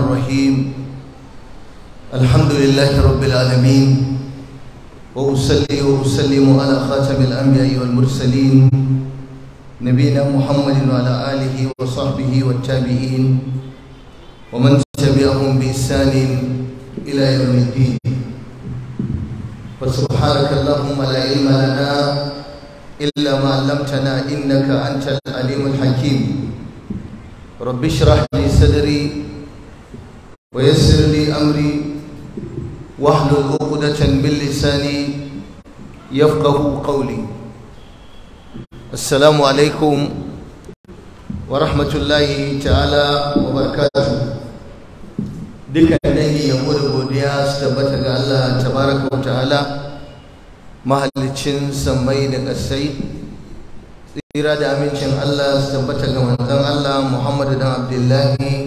الرحيم الحمد لله رب العالمين وأصلي وأسلم على خاتم الأنبياء والمرسلين نبينا محمد وعلى آله وصحبه والتابعين ومن تبعهم بإحسان إلى يوم الدين فسبحانك اللهم لا علم لنا إلا ما علمتنا إنك أنت العليم الحكيم رب اشرح لي صدري ويسر لي أمري واحلل عقدة من لساني يفقه قولي السلام عليكم ورحمة الله تعالى وبركاته duka dangi yabo da godiya su ga Allah tabaraka wa ta'ala mahallicin sammai da ƙasai tsira da amincin Allah su tabbata ga manzon Allah Muhammadu dan Abdullahi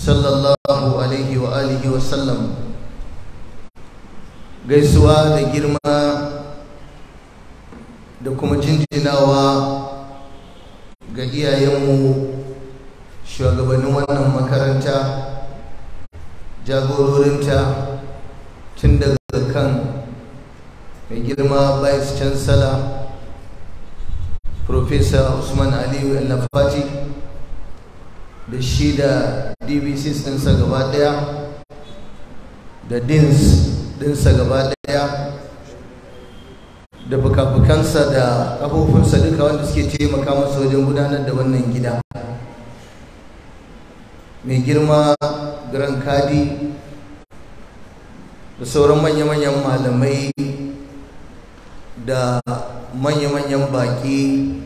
sallallahu alaihi wa alihi wa sallam gaisuwa da girma da kuma jinjinawa ga iyayenmu shugabannin wannan makaranta jagororinta tun daga kan mai girma vice chancellor Profesa Usman Aliyu al Nafati da shi da din sa gaba ɗaya da dins ɗinsa gaba ɗaya da bukabukansa da ƙafofinsa duka wanda suke taimaka masa wajen gudanar da wannan gida mai girma gran kadi da sauran manya-manyan malamai da manya-manyan baki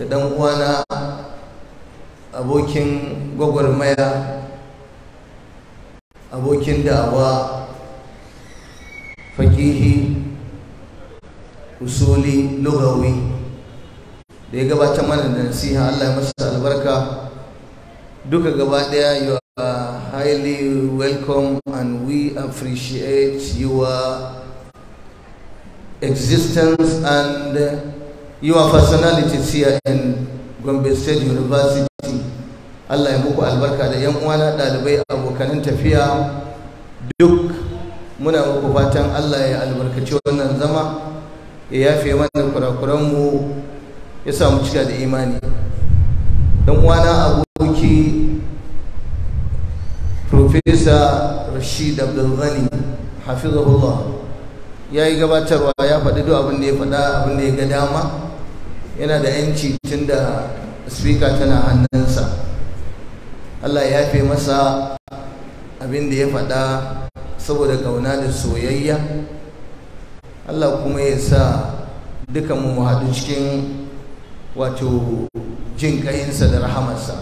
da ɗan uwana abokin gwagwarmaya abokin da'awa fakihi usuli lugawi da ya gabata mana da nasiha Allah ya masa albarka duka gaba daya you are highly welcome and we appreciate your existence and your personality, here in gombe state university allah ya muku albarka da yan uwana ɗalibai abokanin tafiya duk muna muku fatan allah ya albarkaci wannan zama ya yafe mana kurakuranmu ya samu cika da imani dan uwana aboki Profesa Rashid Abdulghani hafizahullah ya yi gabatarwa ya faɗi duk abin da ya faɗa abin da ya ga dama yana da yanci tun da speaker tana hannunsa Allah ya fi masa abin da ya faɗa saboda gauna da soyayya Allah kuma ya sa duka mu haɗu cikin wato jin ƙayinsa da rahamarsa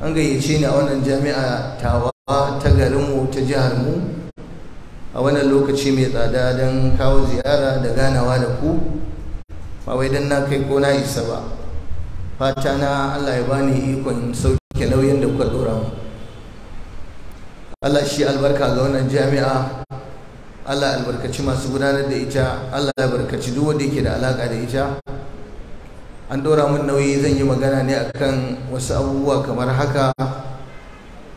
an gayyace ni a wannan jami'a tawa ta garinmu ta jiharmu a wannan lokaci mai tsada don kawo ziyara da ganawa da ku ba wai don na kai ko na isa ba fata na Allah ya bani ikon sauke nauyin da kuka dora mu Allah shi albarka ga wannan jami'a Allah albarkaci masu gudanar da ita Allah Albarkaci, barkaci duk wanda yake da alaka da ita an dora mun nauyi zan yi magana ne akan wasu abubuwa kamar haka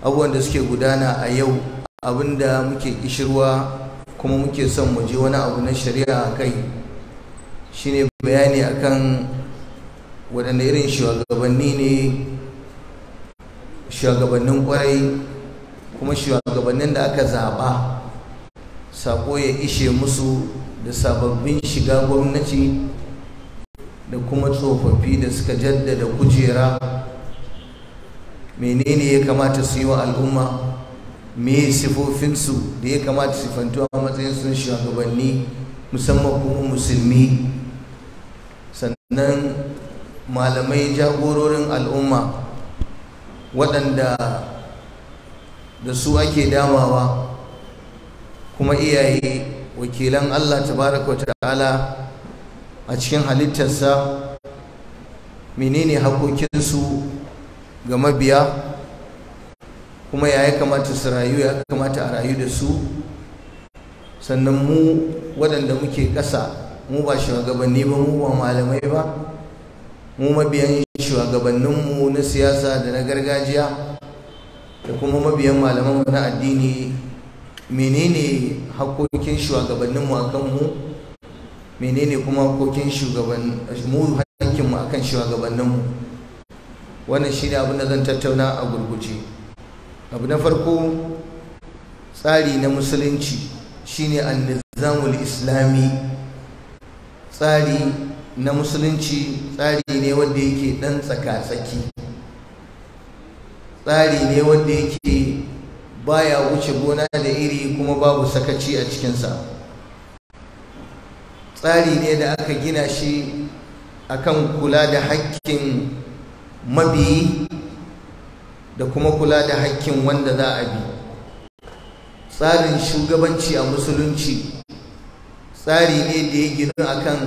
abubuwan da suke gudana a yau abinda muke kishirwa kuma muke son mu je wani abu na shari'a a kai shine bayani akan waɗanda irin shugabanni ne shugabannin kwarai kuma shugabannin da aka zaɓa sako ya ishe musu da sababbin shiga gwamnati da kuma tsofaffi da suka jaddada kujera menene ya kamata su yi wa al'umma me sifofinsu da ya kamata sifantu a matsayin sun shugabanni musamman kuma musulmi sannan malamai jagororin al'umma waɗanda da su ake damawa kuma iyaye wakilan Allah tabaraka ta'ala a cikin halittarsa menene hakokinsu ga mabiya kuma ya kamata su rayu ya kamata a rayu da su sannan mu waɗanda muke ƙasa mu ba shugabanni ba mu ba malamai ba mu mabiyan shugabanninmu na siyasa da na gargajiya da kuma mabiyan malamanmu na addini menene hakokin shugabanninmu a kanmu menene kuma hakokin mu a kan shugabanninmu wannan shi ne abin da zan tattauna a gurguje abu na farko tsari na musulunci shine an-nizamul islami tsari na musulunci tsari ne wanda yake ɗan tsaka-tsaki tsari ne wanda yake baya wuce gona da iri kuma babu sakaci a cikinsa tsari ne da aka gina shi akan kula da hakkin mabiyi da kuma kula da hakkin wanda za a bi tsarin shugabanci a musulunci tsari ne da ya gina akan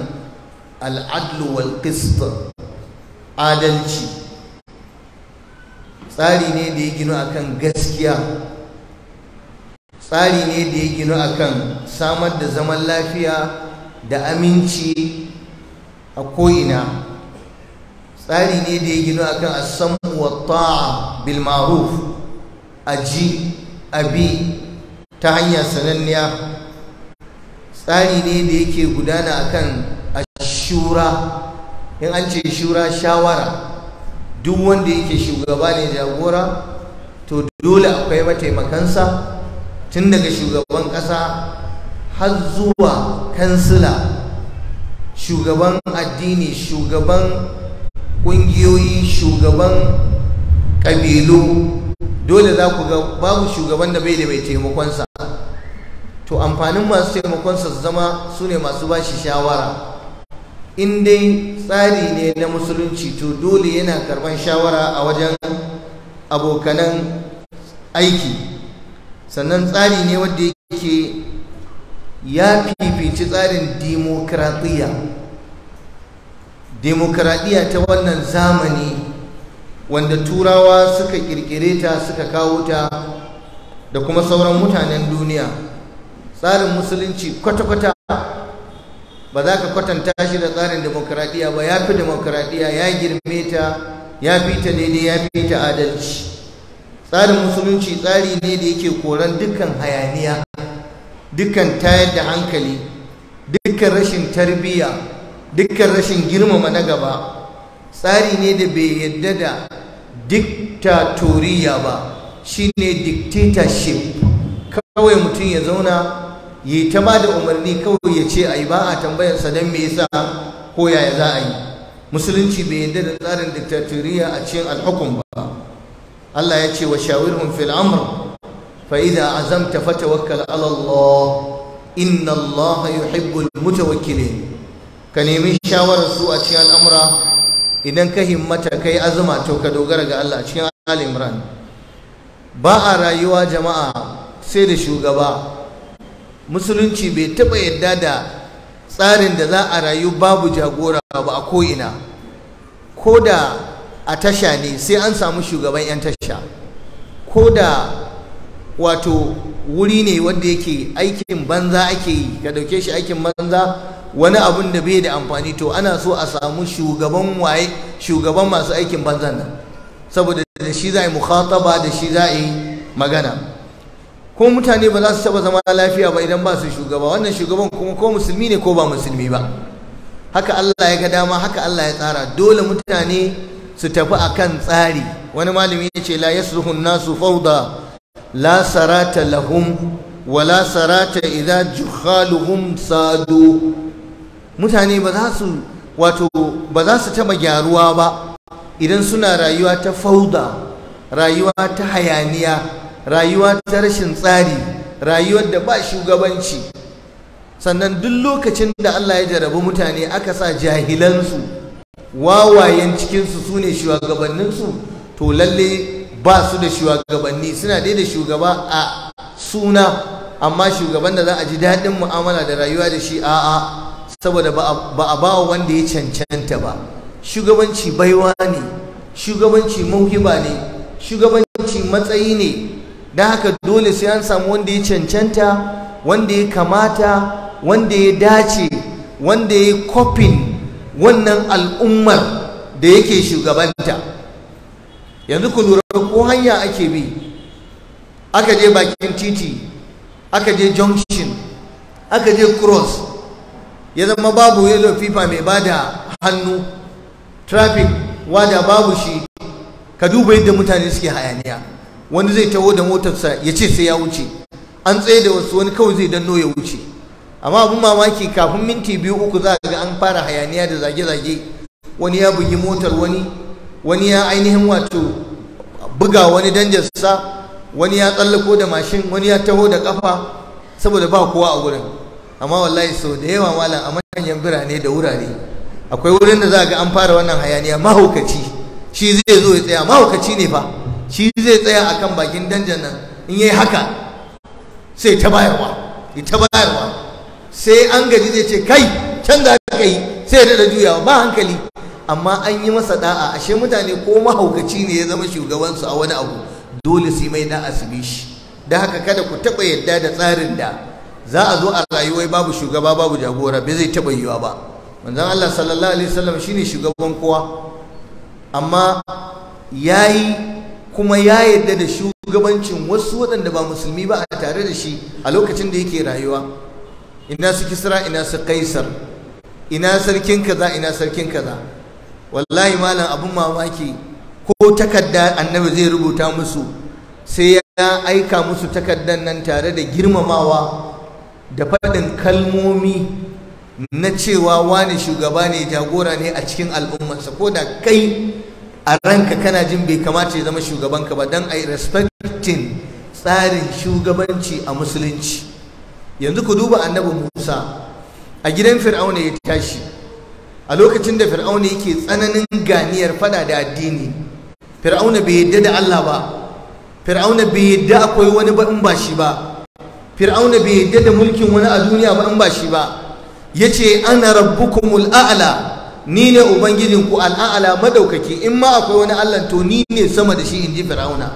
al'adlu wal qist adalci tsari ne da ya gina akan gaskiya tsari ne da ya gina akan samar da zaman lafiya da aminci a ko'ina tsari ne da ya gina akan asamu wa ta'a bil ma'ruf aji abi ta hanyar sananniya tsari ne da yake gudana akan ashura in an ce shura shawara duk wanda yake shugaba ne jagora to dole akwai mataimakansa tun daga shugaban ƙasa har zuwa kansila shugaban addini shugaban ƙungiyoyi shugaban ƙabilu dole za ku ga babu shugaban da bai da mai taimakonsa to amfanin masu taimakon su zama su ne masu ba shi shawara in dai tsari ne na musulunci to dole yana karban shawara a wajen abokanan aiki sannan tsari ne wanda yake ya fifici tsarin dimokuraɗiyya dimokuraɗiyya ta wannan zamani wanda turawa suka ƙirƙire ta suka kawo ta da kuma sauran mutanen duniya tsarin musulunci kwata-kwata ba za ka kwatanta shi da tsarin demokradiyya ba ya fi demokradiyya ya girme ta ya fi ta daidai ya fi ta adalci tsarin musulunci tsari ne da yake koran dukkan hayaniya dukkan tayar da hankali dukkan rashin tarbiyya dukkan rashin girmama na gaba tsari ne da bai yadda da diktatoriya ba shine dictatorship kawai mutum ya zauna yi ta ba da umarni kawai ya ce ai ba a tambayar sa dan me yasa ko yaya za a yi musulunci bai yarda da tsarin diktatoriya a cikin alhukum ba Allah ya ce wa shawirhum fil amr fa idza azamta fatawakkal ala Allah inna Allah yuhibbul mutawakkilin ka nemi shawarar su a cikin al'amura idan ka himmata kai azuma to ka dogara ga Allah a cikin al-Imran ba a rayuwa jama'a sai da shugaba musulunci bai taɓa yadda da tsarin da za a rayu babu jagora ba a ko'ina ko da a tasha ne sai an samu shugaban 'yan tasha ko da wato wuri ne wanda yake aikin banza ake yi ka dauke shi aikin banza wani abun da bai da amfani to ana so a samu shugaban waye shugaban masu aikin banzan nan saboda da shi za a yi mukhataba da shi za a yi magana ko mutane ba za su taba zama lafiya ba idan ba su shugaba wannan shugaban kuma ko musulmi ne ko ba musulmi ba haka Allah ya ga dama haka Allah ya tsara dole mutane su tafi akan tsari wani malami ya ce la yasluhu nasu fawda la sarata lahum wa la sarata idza jukhaluhum sadu mutane ba za su wato ba za su taba gyaruwa ba idan suna rayuwa ta fauda rayuwa ta hayaniya rayuwa ta rashin tsari rayuwar da ba shugabanci sannan duk lokacin da Allah ya jarabi mutane aka sa jahilansu wawayen cikinsu su ne shugabanninsu to lalle ba su da shugabanni suna dai da shugaba a suna amma shugaban da za a ji daɗin mu'amala da rayuwa da shi a'a saboda ba a bawa wanda ya cancanta ba shugabanci baiwa ne shugabanci mauhiba ne shugabanci matsayi ne don haka dole sai an samu wanda ya cancanta wanda ya kamata wanda ya dace wanda ya kofin wannan al'ummar da yake shugabanta yanzu ku lura ko hanya ake bi aka je bakin titi aka je junction aka je cross ya zama babu yellow fifa mai bada hannu traffic wada babu shi ka duba yadda mutane suke hayaniya wani zai taho da motarsa ya ce sai ya wuce an tsaye da wasu wani kawai zai danno ya wuce amma abin mamaki kafin minti biyu uku za ga an fara hayaniya da zage-zage wani ya bugi motar wani wani ya ainihin wato buga wani danjarsa wani ya tsallako da mashin wani ya taho da kafa saboda ba kowa a wurin amma wallahi sau da yawa malam a manyan birane da wurare akwai wurin da za ga an fara wannan hayaniya mahaukaci shi zai zo ya tsaya mahaukaci ne fa shi zai tsaya a kan bakin danjan nan in yi haka sai ta bayarwa ita bayarwa sai an gaji zai ce kai can da aka yi sai da juyawa ba hankali amma an yi masa da'a ashe mutane ko mahaukaci ne ya zama shugabansu a wani abu dole su yi mai da'a su bi da haka kada ku taba yadda da tsarin da za a zo a rayuwa babu shugaba babu jagora bai zai taɓa yiwa ba manzon Allah sallallahu alaihi wasallam shine shugaban kowa amma yayi kuma ya yadda da shugabancin wasu waɗanda ba musulmi ba a tare da shi a lokacin da yake rayuwa ina su kisra ina su kaisar ina sarkin kaza ina sarkin kaza wallahi malam abin mamaki ko takarda annabi zai rubuta musu sai ya aika musu takardar nan tare da girmamawa da faɗin kalmomi na cewa wani shugaba ne jagora ne a cikin al'ummarsa ko da kai a ranka kana jin bai kamata ya zama shugabanka ba don a respecting tsarin shugabanci a musulunci yanzu ku duba annabi Musa a gidan Fir'auna ya tashi a lokacin da Fir'auna yake tsananin ganiyar fada da addini Fir'auna bai yadda da Allah ba Fir'auna bai yadda akwai wani ba in ba shi ba Fir'auna bai yadda da mulkin wani a duniya ba in ba shi ba yace ana rabbukumul a'la ni ne ubangijinku al'a'ala madaukaki in ma akwai wani allah to ni ne sama da shi in ji fir'auna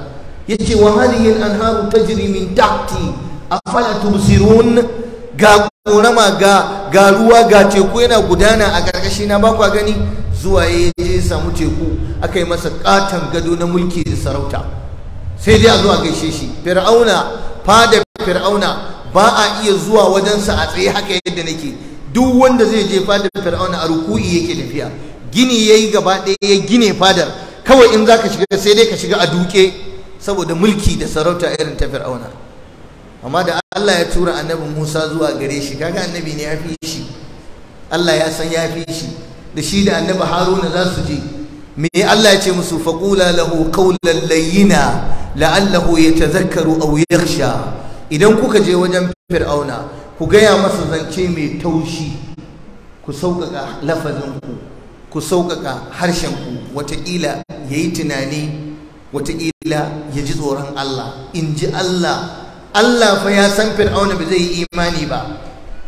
ya ce wa hadihi al'anharu tajri min tahti afala a ga korama ga ga ruwa ga teku yana gudana a ƙarƙashi na bakwa gani zuwa ya je samu teku aka yi masa ƙaton gado na mulki da sarauta sai dai a zuwa gaishe shi fir'auna fada fir'auna ba a iya zuwa wajensa a tsaye haka yadda nake duk wanda zai je fadar fir'auna a ruku'i yake tafiya gini yayi gaba ɗaya ya gine fadar kawai in zaka shiga sai dai ka shiga a duke saboda mulki da sarauta irin ta fir'auna amma da Allah ya tura annabi Musa zuwa gare shi kaga annabi ne ya fi shi Allah ya san ya fi shi da shi da annabi Haruna za su je me Allah ya ce musu faqula lahu qawlan layyina la'allahu yatadhakkaru aw yakhsha idan kuka je wajen fir'auna ku gaya masa zance mai taushi ku sauƙaƙa lafazinku ku sauƙaƙa harshenku wataƙila ya yi tunani wataƙila ya ji tsoron Allah in ji Allah Allah fa ya san fir'auna ba zai yi imani ba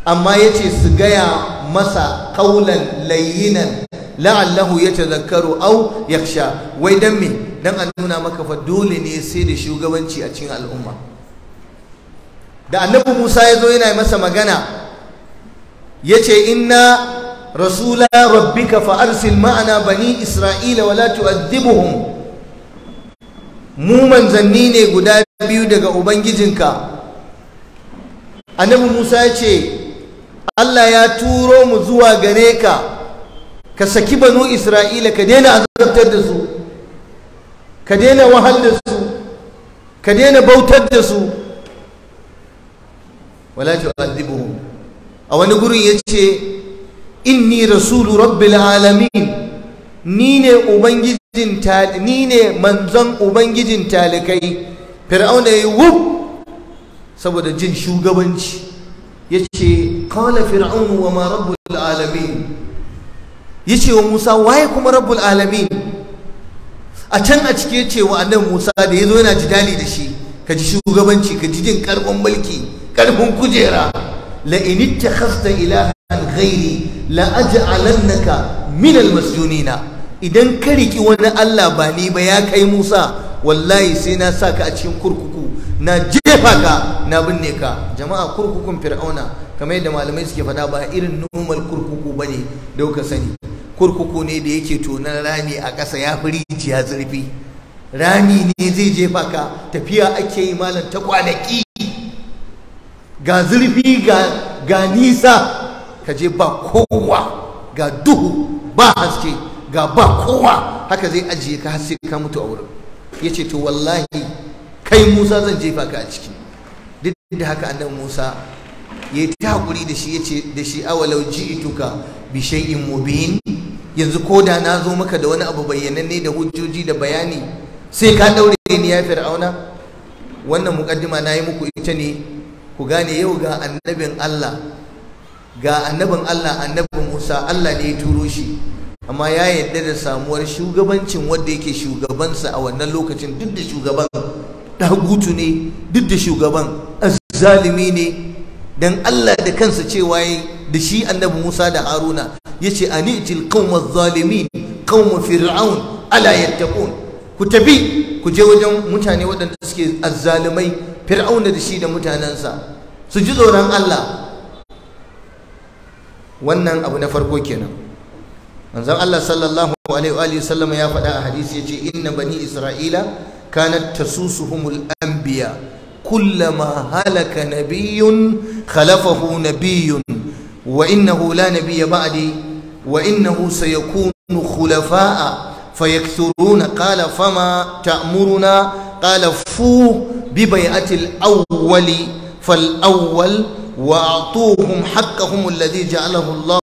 amma ya ce su gaya masa kaulan layinan la'allahu ya tazakkaru au yaksha wai dan me dan a nuna maka fa dole ne sai da shugabanci a cikin al'umma da annabi Musa ya zo yana masa magana ya ce inna rasula rabbika fa arsil ma'ana bani isra'ila wa la tu'adhibuhum mu manzanni ne guda biyu daga ubangijinka annabi Musa ya ce Allah ya turo mu zuwa gare ka ka saki banu isra'ila ka daina azabtar da su ka daina wahal da su ka daina bautar da su wala tu'adhibuhum a wani gurin yace inni rasulu rabbil alamin ni ne ubangijin ni ne manzon ubangijin talikai fir'auna yayi wuf saboda jin shugabanci yace qala fir'aun wa ma rabbul alamin yace wa Musa waye kuma rabbul alamin a can a cike ce wa annabi Musa da yazo yana jidali da shi ka ji shugabanci ka ji jin karɓon mulki karfin kujera la in ittakhasta ilahan ghairi la min almasjunina idan ka riki wani Allah ba ni ba ya kai Musa wallahi sai na saka a cikin kurkuku na jefa ka na binne ka jama'a kurkukun fir'auna kamar yadda malamai suke faɗa ba irin normal kurkuku bane da kuka sani kurkuku ne da yake tonan rami a ƙasa ya fi rijiya zurfi rami ne zai jefa ka tafiya ake yi malam ta kwanaki ga zurfi ga nisa ka je ba kowa ga duhu ba haske ga ba kowa haka zai ajiye ka haske ka mutu a wurin ya ce to wallahi kai musa zan jefa ka a ciki duk da haka annabi musa ya yi ta haƙuri da shi ya ce da shi awalau ituka bishai in mubin yanzu ko da na zo maka da wani abu bayyananne da hujjoji da bayani sai ka daure ni ya fir'auna wannan mukaddima na yi muku ita ne ku gane yau ga annabin Allah ga annabin Allah annabin Musa Allah ne ya turo shi amma ya yadda da samuwar shugabancin wanda yake shugabansa a wannan lokacin duk da shugaban dagutu ne duk da shugaban azzalimi ne dan Allah da kansa cewa da shi annabi Musa da Haruna yace anitil qaumaz zalimin qaum fir'aun ala yattaqun ku tafi ku je wajen mutane waɗanda suke azzalumai fir'auna da shi da mutanensa su ji tsoron Allah wannan abu na farko kenan manzon Allah sallallahu alaihi wa sallam ya faɗa a hadisi ya ce inna bani isra'ila kanat tasusuhumul anbiya kullama halaka nabiyyun khalafahu nabiyyun wa innahu la nabiyya ba'di wa innahu sayakunu khulafa'a fayakthuruna qala fama ta'muruna qala fu bi bai'atil awwali fal awwal wa atuhum haqqahum alladhi ja'alahu Allah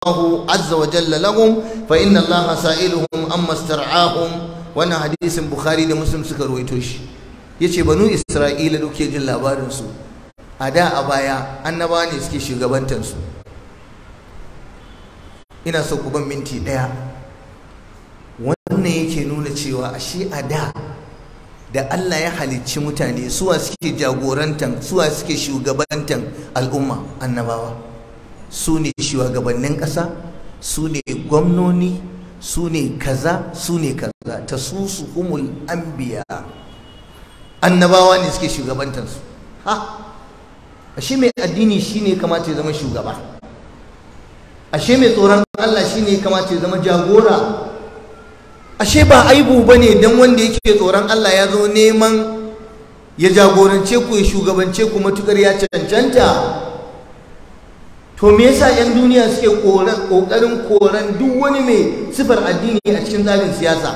azza wa jalla lahum fa inna Allah sa'iluhum amma istar'ahum wannan hadisin Bukhari da Muslim suka ruwaito shi yace banu Isra'ila duk jin labarinsu. a da a baya annaba ne suke shiga su ina so ku ban minti daya wannan yake nuna cewa ashe a da da Allah ya halicci mutane suwa suke jagorantan suwa suke shugabantan al'umma annabawa su ne shugabannin ƙasa su ne gwamnoni su ne kaza su ne kaza ta su su humul anbiya annabawa ne suke shugabantansu ha ashe mai addini shine kamata ya zama shugaba ashe mai tsoron Allah shine kamata ya zama jagora ashe ba aibu ba ne don wanda yake tsoron Allah ya zo neman ya jagorance ku ya shugabance ku matukar ya cancanta to me yasa 'yan duniya suke kokarin koran duk wani mai sifar addini a cikin zalin siyasa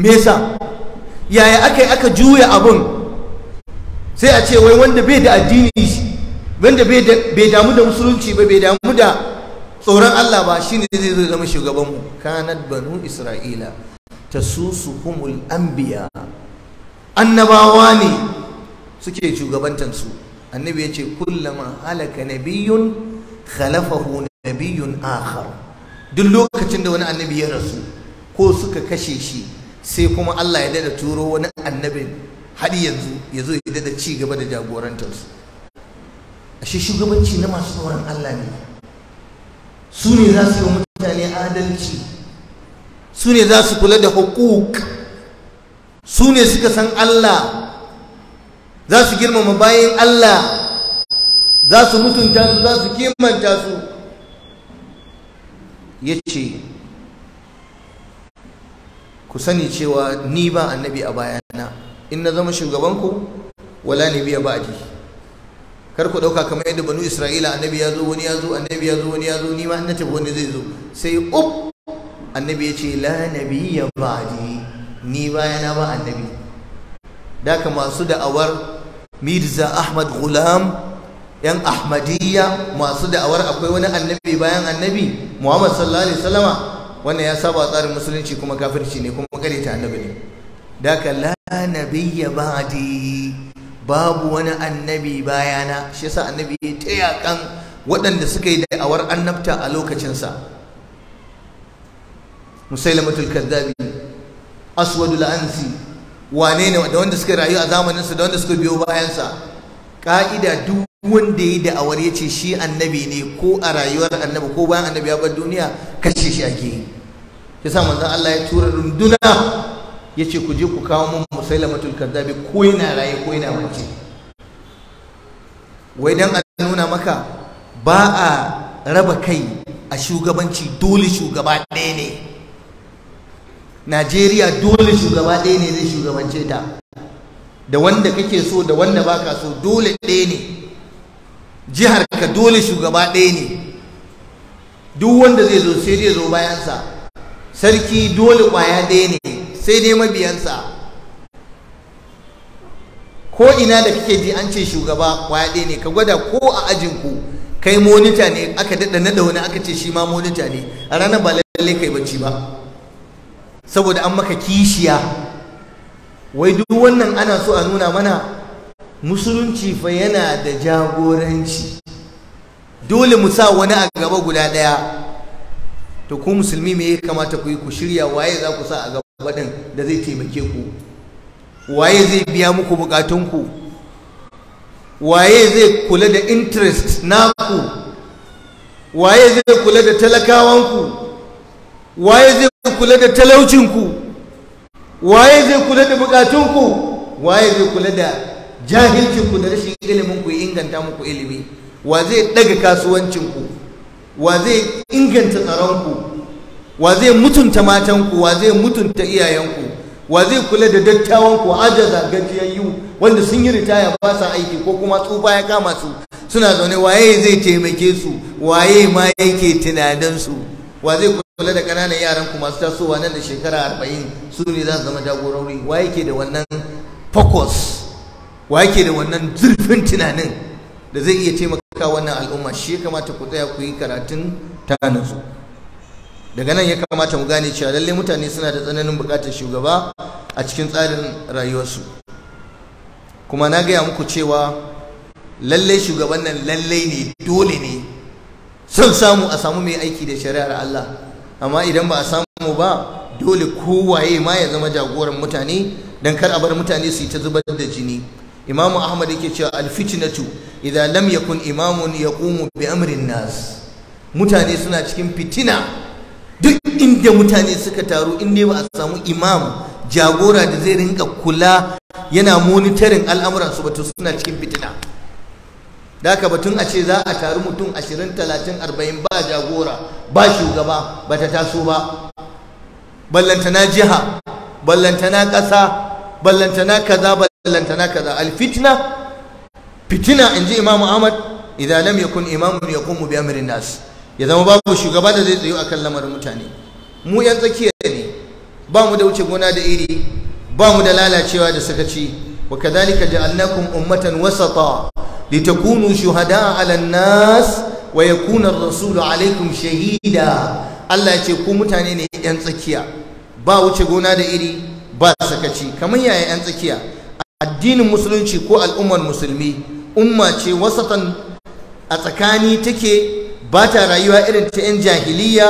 me yasa yaya aka yi aka juya abun? sai a ce wai wanda bai da addini wanda bai damu da musulunci ba bai damu da tsoron Allah ba shine zai zo zama shugabanmu kanat banu isra'ila tasusuhumul anbiya annabawa ne suke shugabantansu annabi ya ce kullama halaka nabiyun khalafahu nabiyun akhar duk lokacin da wani annabi ya rasu ko suka kashe shi sai kuma Allah ya dada turo wani annabi har yanzu ya zo ya dada ci gaba da jagorantarsu ashe shugabanci na masu tsoron Allah ne su ne za su yi mutane adalci su ne za su kula da hukuk su ne suka san Allah za su girmama bayan Allah za su mutunta su za su kimanta su ya ce ku sani cewa ni ba annabi a bayana in na zama shugabanku wala ne biya ba jiki kar ku dauka kamar yadda banu isra'ila annabi ya zo wani ya zo annabi ya zo wani ya zo ni ma na tafi wani zai zo sai up annabi ya ce la nabiyya ba'di ni bayana ba annabi daka masu da'awar Mirza Ahmad Gulam yan Ahmadiyya masu da'awar akwai wani annabi bayan annabi Muhammad sallallahu alaihi wasallama wannan ya saba tsarin musulunci kuma kafirci ne kuma ta annabi ne daka la nabiyya ba'di babu wani annabi bayana shi yasa annabi ya ta yakan waɗanda suka yi da'awar annabta a lokacinsa musailamatul kadhabi aswadul ansi wane ne da wanda suka rayu a zamaninsa da wanda suka biyo bayansa ka'ida duk wanda ya yi da'awar ya ce shi annabi ne ko a rayuwar annabi ko bayan annabi ya bar duniya kashe shi ake yi yasa manzon Allah ya tura runduna ya ce ku je ku kawo mun musailamatul kaddabi ko yana raye ko yana mace wai dan a nuna maka ba a raba kai a shugabanci dole shugaba ɗaya ne najeriya dole shugaba ɗaya ne zai shugabance ta da wanda kake so da wanda baka so dole ɗaya ne jihar ka dole shugaba ɗaya ne duk wanda zai zo sai zai zo bayansa sarki dole kwaya ɗaya ne sai dai mabiyansa ko ina da kake ji an ce shugaba kwaya ɗaya ne ka gwada ko a ajinku kai monita ne aka daɗa naɗa wani aka ce shi ma monita ne a ranar ba lallai kai bacci ba saboda an maka kishiya wai duk wannan ana so a nuna mana musulunci fa yana da jagoranci dole mu sa wani a gaba guda ɗaya to ku musulmi me ya kamata ku yi ku shirya waye za ku sa a gaba din da zai taimake ku waye zai biya muku bukatunku waye zai kula da interest naku waye zai kula da talakawanku waye zai kula da talaucinku waye zai kula da bukatunku waye zai kula da jahilcinku da rashin ilimin ya inganta muku ilimi wa zai daga kasuwancinku wa zai inganta tsaronku wa zai mutunta matanku wa zai mutunta iyayenku wa zai kula da dattawanku zagajiyar gajiyayyu wanda sun yi ritaya ba sa aiki ko kuma tsufa ya kama su suna zaune waye zai taimake su waye ma yake tunanin su wa zai kula da ƙananan yaranku masu tasowa nan da shekara arba'in su ne za su zama jagorori wa yake da wannan focus wa yake da wannan zurfin tunanin da zai iya taimaka ka wannan al'umma shi ya kamata ku tsaya ku yi karatun ta nazo daga nan ya kamata mu gane cewa lallai mutane suna da tsananin bukatar shugaba a cikin tsarin rayuwarsu kuma na gaya muku cewa lallai shugaban nan lallai ne dole ne son samu a samu mai aiki da shari'ar Allah amma idan ba a samu ba dole kowaye ma ya zama jagoran mutane don kar a bar mutane su yi ta zubar da jini imamu ahmad yake cewa alfitinatu Idan lam yakun imamun yaqumu bi amrin nas mutane suna cikin fitina duk inda mutane suka taru in dai ba a samu imam jagora da zai rinka kula yana monitoring al'amuran su batu suna cikin fitina da haka batun a ce za a taru mutum 20 30 40 ba jagora ba shugaba ba ta taso ba na jiha ballantana ƙasa na kaza na kaza alfitna fitina in ji imamu ahmad idza lam yakun imamun yaqumu bi amrin nas ya zama babu shugaba da zai tsayo akan lamarin mutane mu yan tsakiya ne ba mu da wuce gona da iri ba mu da lalacewa da sakaci wa kadhalika ja'alnakum ummatan wasata litakunu shuhada 'ala an-nas wa yakuna ar-rasulu 'alaykum shahida Allah ya ce ku mutane ne yan tsakiya ba wuce gona da iri ba sakaci kamar yaya yan tsakiya addinin musulunci ko al'ummar musulmi umma ce wasatan a tsakani take ba ta rayuwa irin ta 'yan jahiliya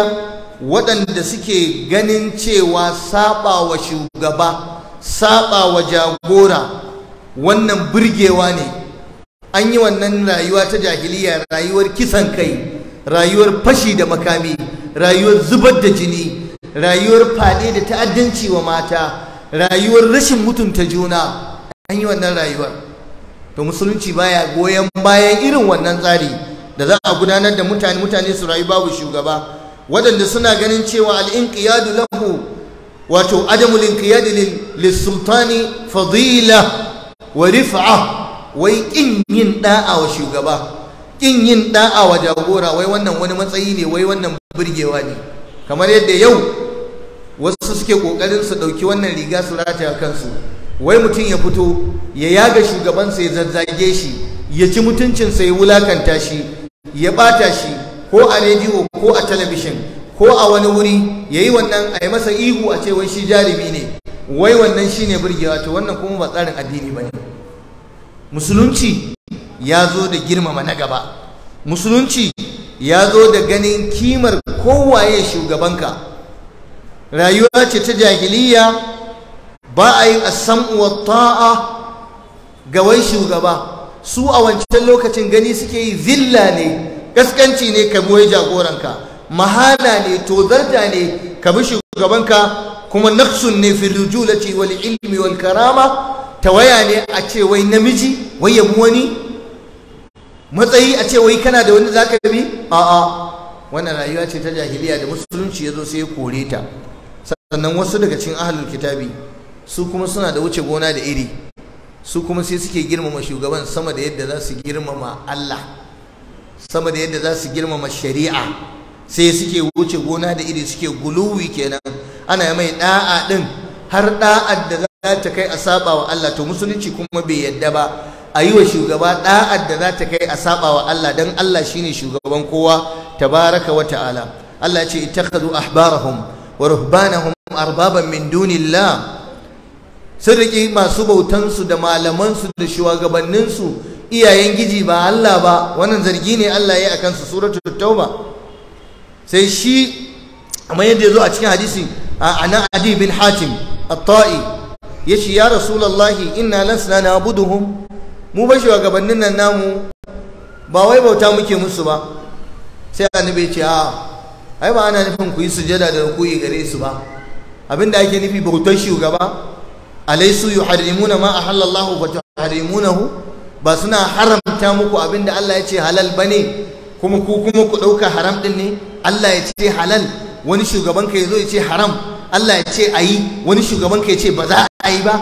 waɗanda suke ganin cewa saba wa shugaba saba wa jagora wannan burgewa ne an yi wannan rayuwa ta jahiliya rayuwar kisan kai rayuwar fashi da makami rayuwar zubar da jini rayuwar faɗe da ta'addanci wa mata rayuwar rashin mutunta juna an yi wannan rayuwar to musulunci baya goyon bayan irin wannan tsari da za a gudanar da mutane mutane su rayu babu shugaba waɗanda suna ganin cewa al'inqiyadu lahu wato adamul inqiyadi lissultani fadila wa rif'a wai kin yin da'a wa shugaba kin yin da'a wa jagora wai wannan wani matsayi ne wai wannan burgewa ne kamar yadda yau wasu suke kokarin su dauki wannan riga su rataya kansu wai mutum ya fito ya yaga shugabansa ya zazzage shi ya ci mutuncinsa ya wulakanta shi ya bata shi ko a rediyo ko a talabishin ko a wani wuri ya yi wannan a yi masa ihu a ce wai shi jarumi ne wai wannan shi ne birgewa to wannan kuma ba tsarin addini ba ne musulunci ya zo da girmama na gaba musulunci ya zo da ganin kimar kowaye shugabanka rayuwa ce ta jahiliya ba a yin asam'u wa ta'a ga wai shugaba su a wancan lokacin gani suke yi zilla ne gaskanci ne ka wai jagoranka mahala ne tozarta ne ka bi shugabanka kuma naqsun ne fi rujulati wal ilmi wal karama tawaya ne a ce wai namiji wai yabi wani matsayi a ce wai kana da wani zaka bi a'a wannan rayuwa ce ta jahiliya da musulunci ya zo sai ya kore ta sannan wasu daga cikin ahlul kitabi su kuma suna da wuce gona da iri su kuma sai suke girmama shugaban sama da yadda za su girmama Allah sama da yadda za su girmama shari'a sai suke wuce gona da iri suke guluwi kenan ana mai da'a din har da'ar da za ta kai a saba wa Allah to musulunci kuma bai yadda ba a yi wa shugaba da'ar da za ta kai a saba wa Allah dan Allah shine shugaban kowa tabaraka wa ta'ala Allah ya ce ittakhadhu ahbarahum wa ruhbanahum arbaban min dunillah sun masu masu bautansu da malamansu da shugabanninsu iyayen giji ba Allah ba wannan zargi ne Allah ya yi a kansu suratul tauba sai shi amma yadda ya zo a cikin hadisi a nan adi bin hatim at-ta'i ya ce ya rasulallahi inna lasna na'buduhum mu ba shugabannin nan namu ba wai bauta muke musu ba sai annabi ya ce a ai ba ana nufin ku yi sujada da rukuyi gare su ba abinda ake nufi bautar shugaba alaisu yuharrimuna ma ahalla Allahu fa tuharrimunahu ba suna haramta muku abinda Allah ya ce halal bane kuma ku kuma ku dauka haram din ne Allah ya ce halal wani shugaban ka yazo ya ce haram Allah ya ce ayi wani shugaban ka ya ce ba za a yi ba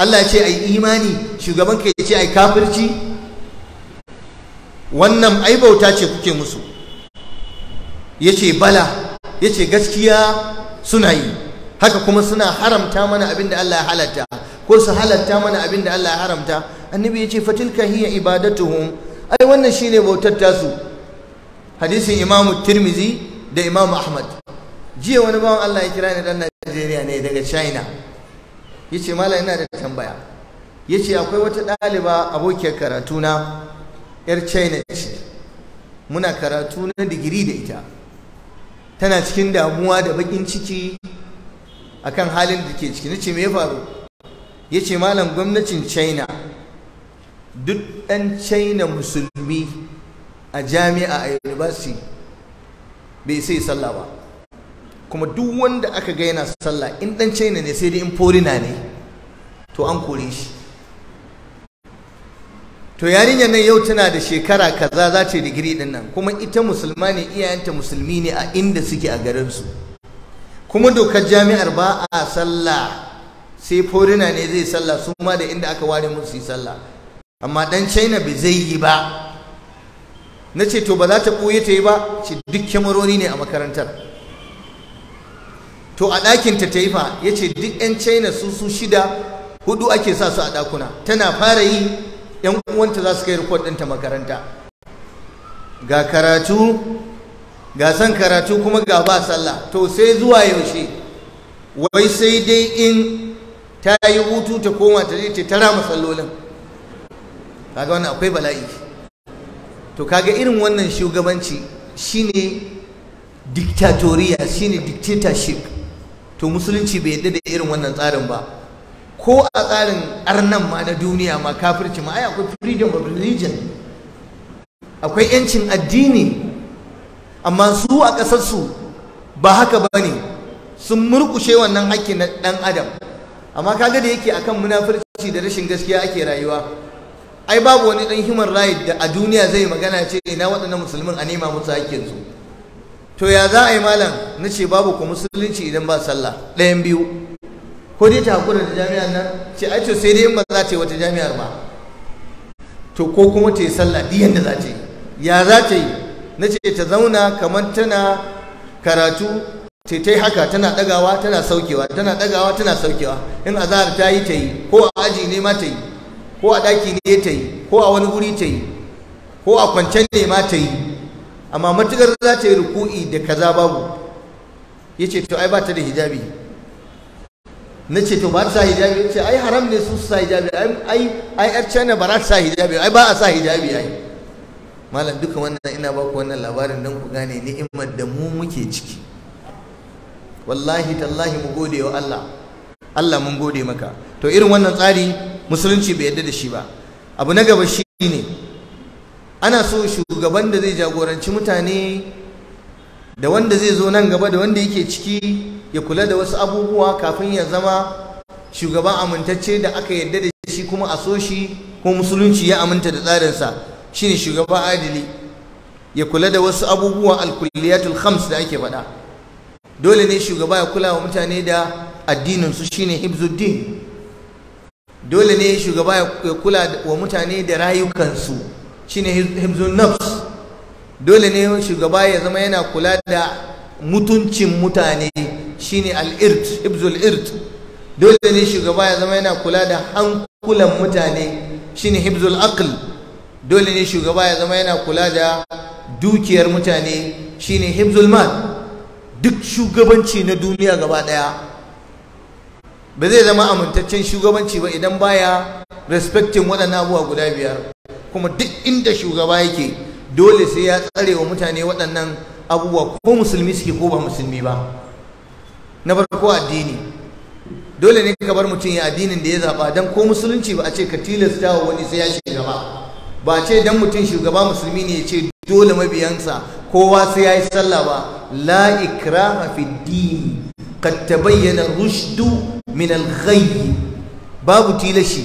Allah ya ce ayi imani shugaban ka ya ce ayi kafirci wannan ai bauta ce kuke musu yace bala yace gaskiya suna yi haka kuma suna haramta mana abin da Allah ya halatta ko su halatta mana abin da Allah ya haramta annabi ya ce fatilka hiya ibadatuhum ai wannan shine bautar tasu hadisin imamu tirmizi da imamu ahmad jiya wani bawan Allah ya kira ni dan Najeriya ne daga China yace mallam ina da tambaya yace akwai wata ɗaliba abokiyar karatu na yar China ce muna karatu na digiri da ita tana cikin damuwa da bakin ciki akan halin da ke ciki nace me ya faru yace malam gwamnatin China duk dan China musulmi a jami'a a university bai sai sallah ba kuma duk wanda aka ga yana sallah in dan China ne sai dai in forina ne to an kore shi to yarinyar nan yau tana da shekara kaza za ta yi digiri din kuma ita musulma ne iyayenta musulmi ne a inda suke a garin su. kuma dokar jami'ar ba a sallah sai forina ne zai sallah su ma da inda aka ware musu yi sallah amma dan china bai zai yi ba na ce to ba za ta ɓoye ta yi ba ce duk kyamaroni ne a makarantar to a ɗakin ta ta yi fa ya ce duk 'yan china su su shida hudu ake sa su a ɗakuna tana fara yi 'yan uwanta za su kai rikod ɗinta makaranta ga karatu ga son karatu kuma ga ba sallah to sai zuwa yaushe wai sai dai in ta yi hutu ta koma ta je ta tara sallolin kaga wannan akwai bala'i to kaga irin wannan shugabanci shine dictatoriya shine dictatorship to musulunci bai yadda da irin wannan tsarin ba ko a tsarin arnan ma na duniya ma kafirci ma ai akwai freedom of religion akwai yancin addini amma su a ƙasarsu ba haka ba ne sun murƙushe wannan haƙƙi na ɗan adam amma kaga da yake akan munafurci da rashin gaskiya ake rayuwa ai babu wani ɗan human right da a duniya zai magana ce ina waɗannan musulmin a nema musu haƙƙinsu to ya za a yi malam na ce babu ku musulunci idan ba sallah ɗayan biyu ko dai ta haƙura da jami'ar nan ce ai to sai dai in ba za ta yi wata jami'ar ba to ko kuma ta yi sallah duk yadda za ta yi ya za ta yi na ce ta zauna kamar tana karatu ce ta yi haka tana ɗagawa tana saukewa tana ɗagawa tana saukewa in azahar ta yi ta yi ko a aji ne ma ta yi ko a ɗaki ne ta yi ko a wani guri ta yi ko a kwance ne ma ta yi amma matukar za ta yi ruku'i da kaza babu ya ce to ai ba ta da hijabi na ce to ba ta sa hijabi ya ce ai haram ne su sa hijabi ai ai yar china ba za ta sa hijabi ai ba a sa hijabi ai malam duka wannan ina ba ku wannan labarin don ku gane ni'imar da mu muke ciki wallahi tallahi mu gode wa Allah Allah mun gode maka to irin wannan tsari musulunci bai yadda da shi ba abu na gaba shi ne ana so shugaban da zai jagoranci mutane da wanda zai zo nan gaba da wanda yake ciki ya kula da wasu abubuwa kafin ya zama shugaban amintacce da aka yadda da shi kuma a so shi ko musulunci ya aminta da tsarinsa shine shugaba adili ya kula da wasu abubuwa alkulliyatul khams da ake faɗa dole ne shugaba ya kula wa mutane da addinin su shine hibzuddin dole ne shugaba ya kula wa mutane da rayukansu shine hibzun nafs dole ne shugaba ya zama yana kula da mutuncin mutane shine al-irt hibzul irt dole ne shugaba ya zama yana kula da hankulan mutane shine hibzul aql dole ne shugaba ya zama yana kula da dukiyar mutane shine hibzul mal duk shugabanci na duniya gaba daya ba zai zama amintaccen shugabanci ba idan baya respectin waɗannan abubuwa guda biyar kuma duk inda shugaba yake dole sai ya tsare wa mutane waɗannan abubuwa ko musulmi suke ko ba musulmi ba na farko addini dole ne ka bar mutum ya addinin da ya zaba dan ko musulunci ba a ce ka tilasta wa wani sai ya shiga ba ba ce dan mutum shugaba musulmi ne ya ce dole mabiyansa kowa sai ya yi sallah ba la ikraha fi din qad tabayyana rushdu min al babu tilashi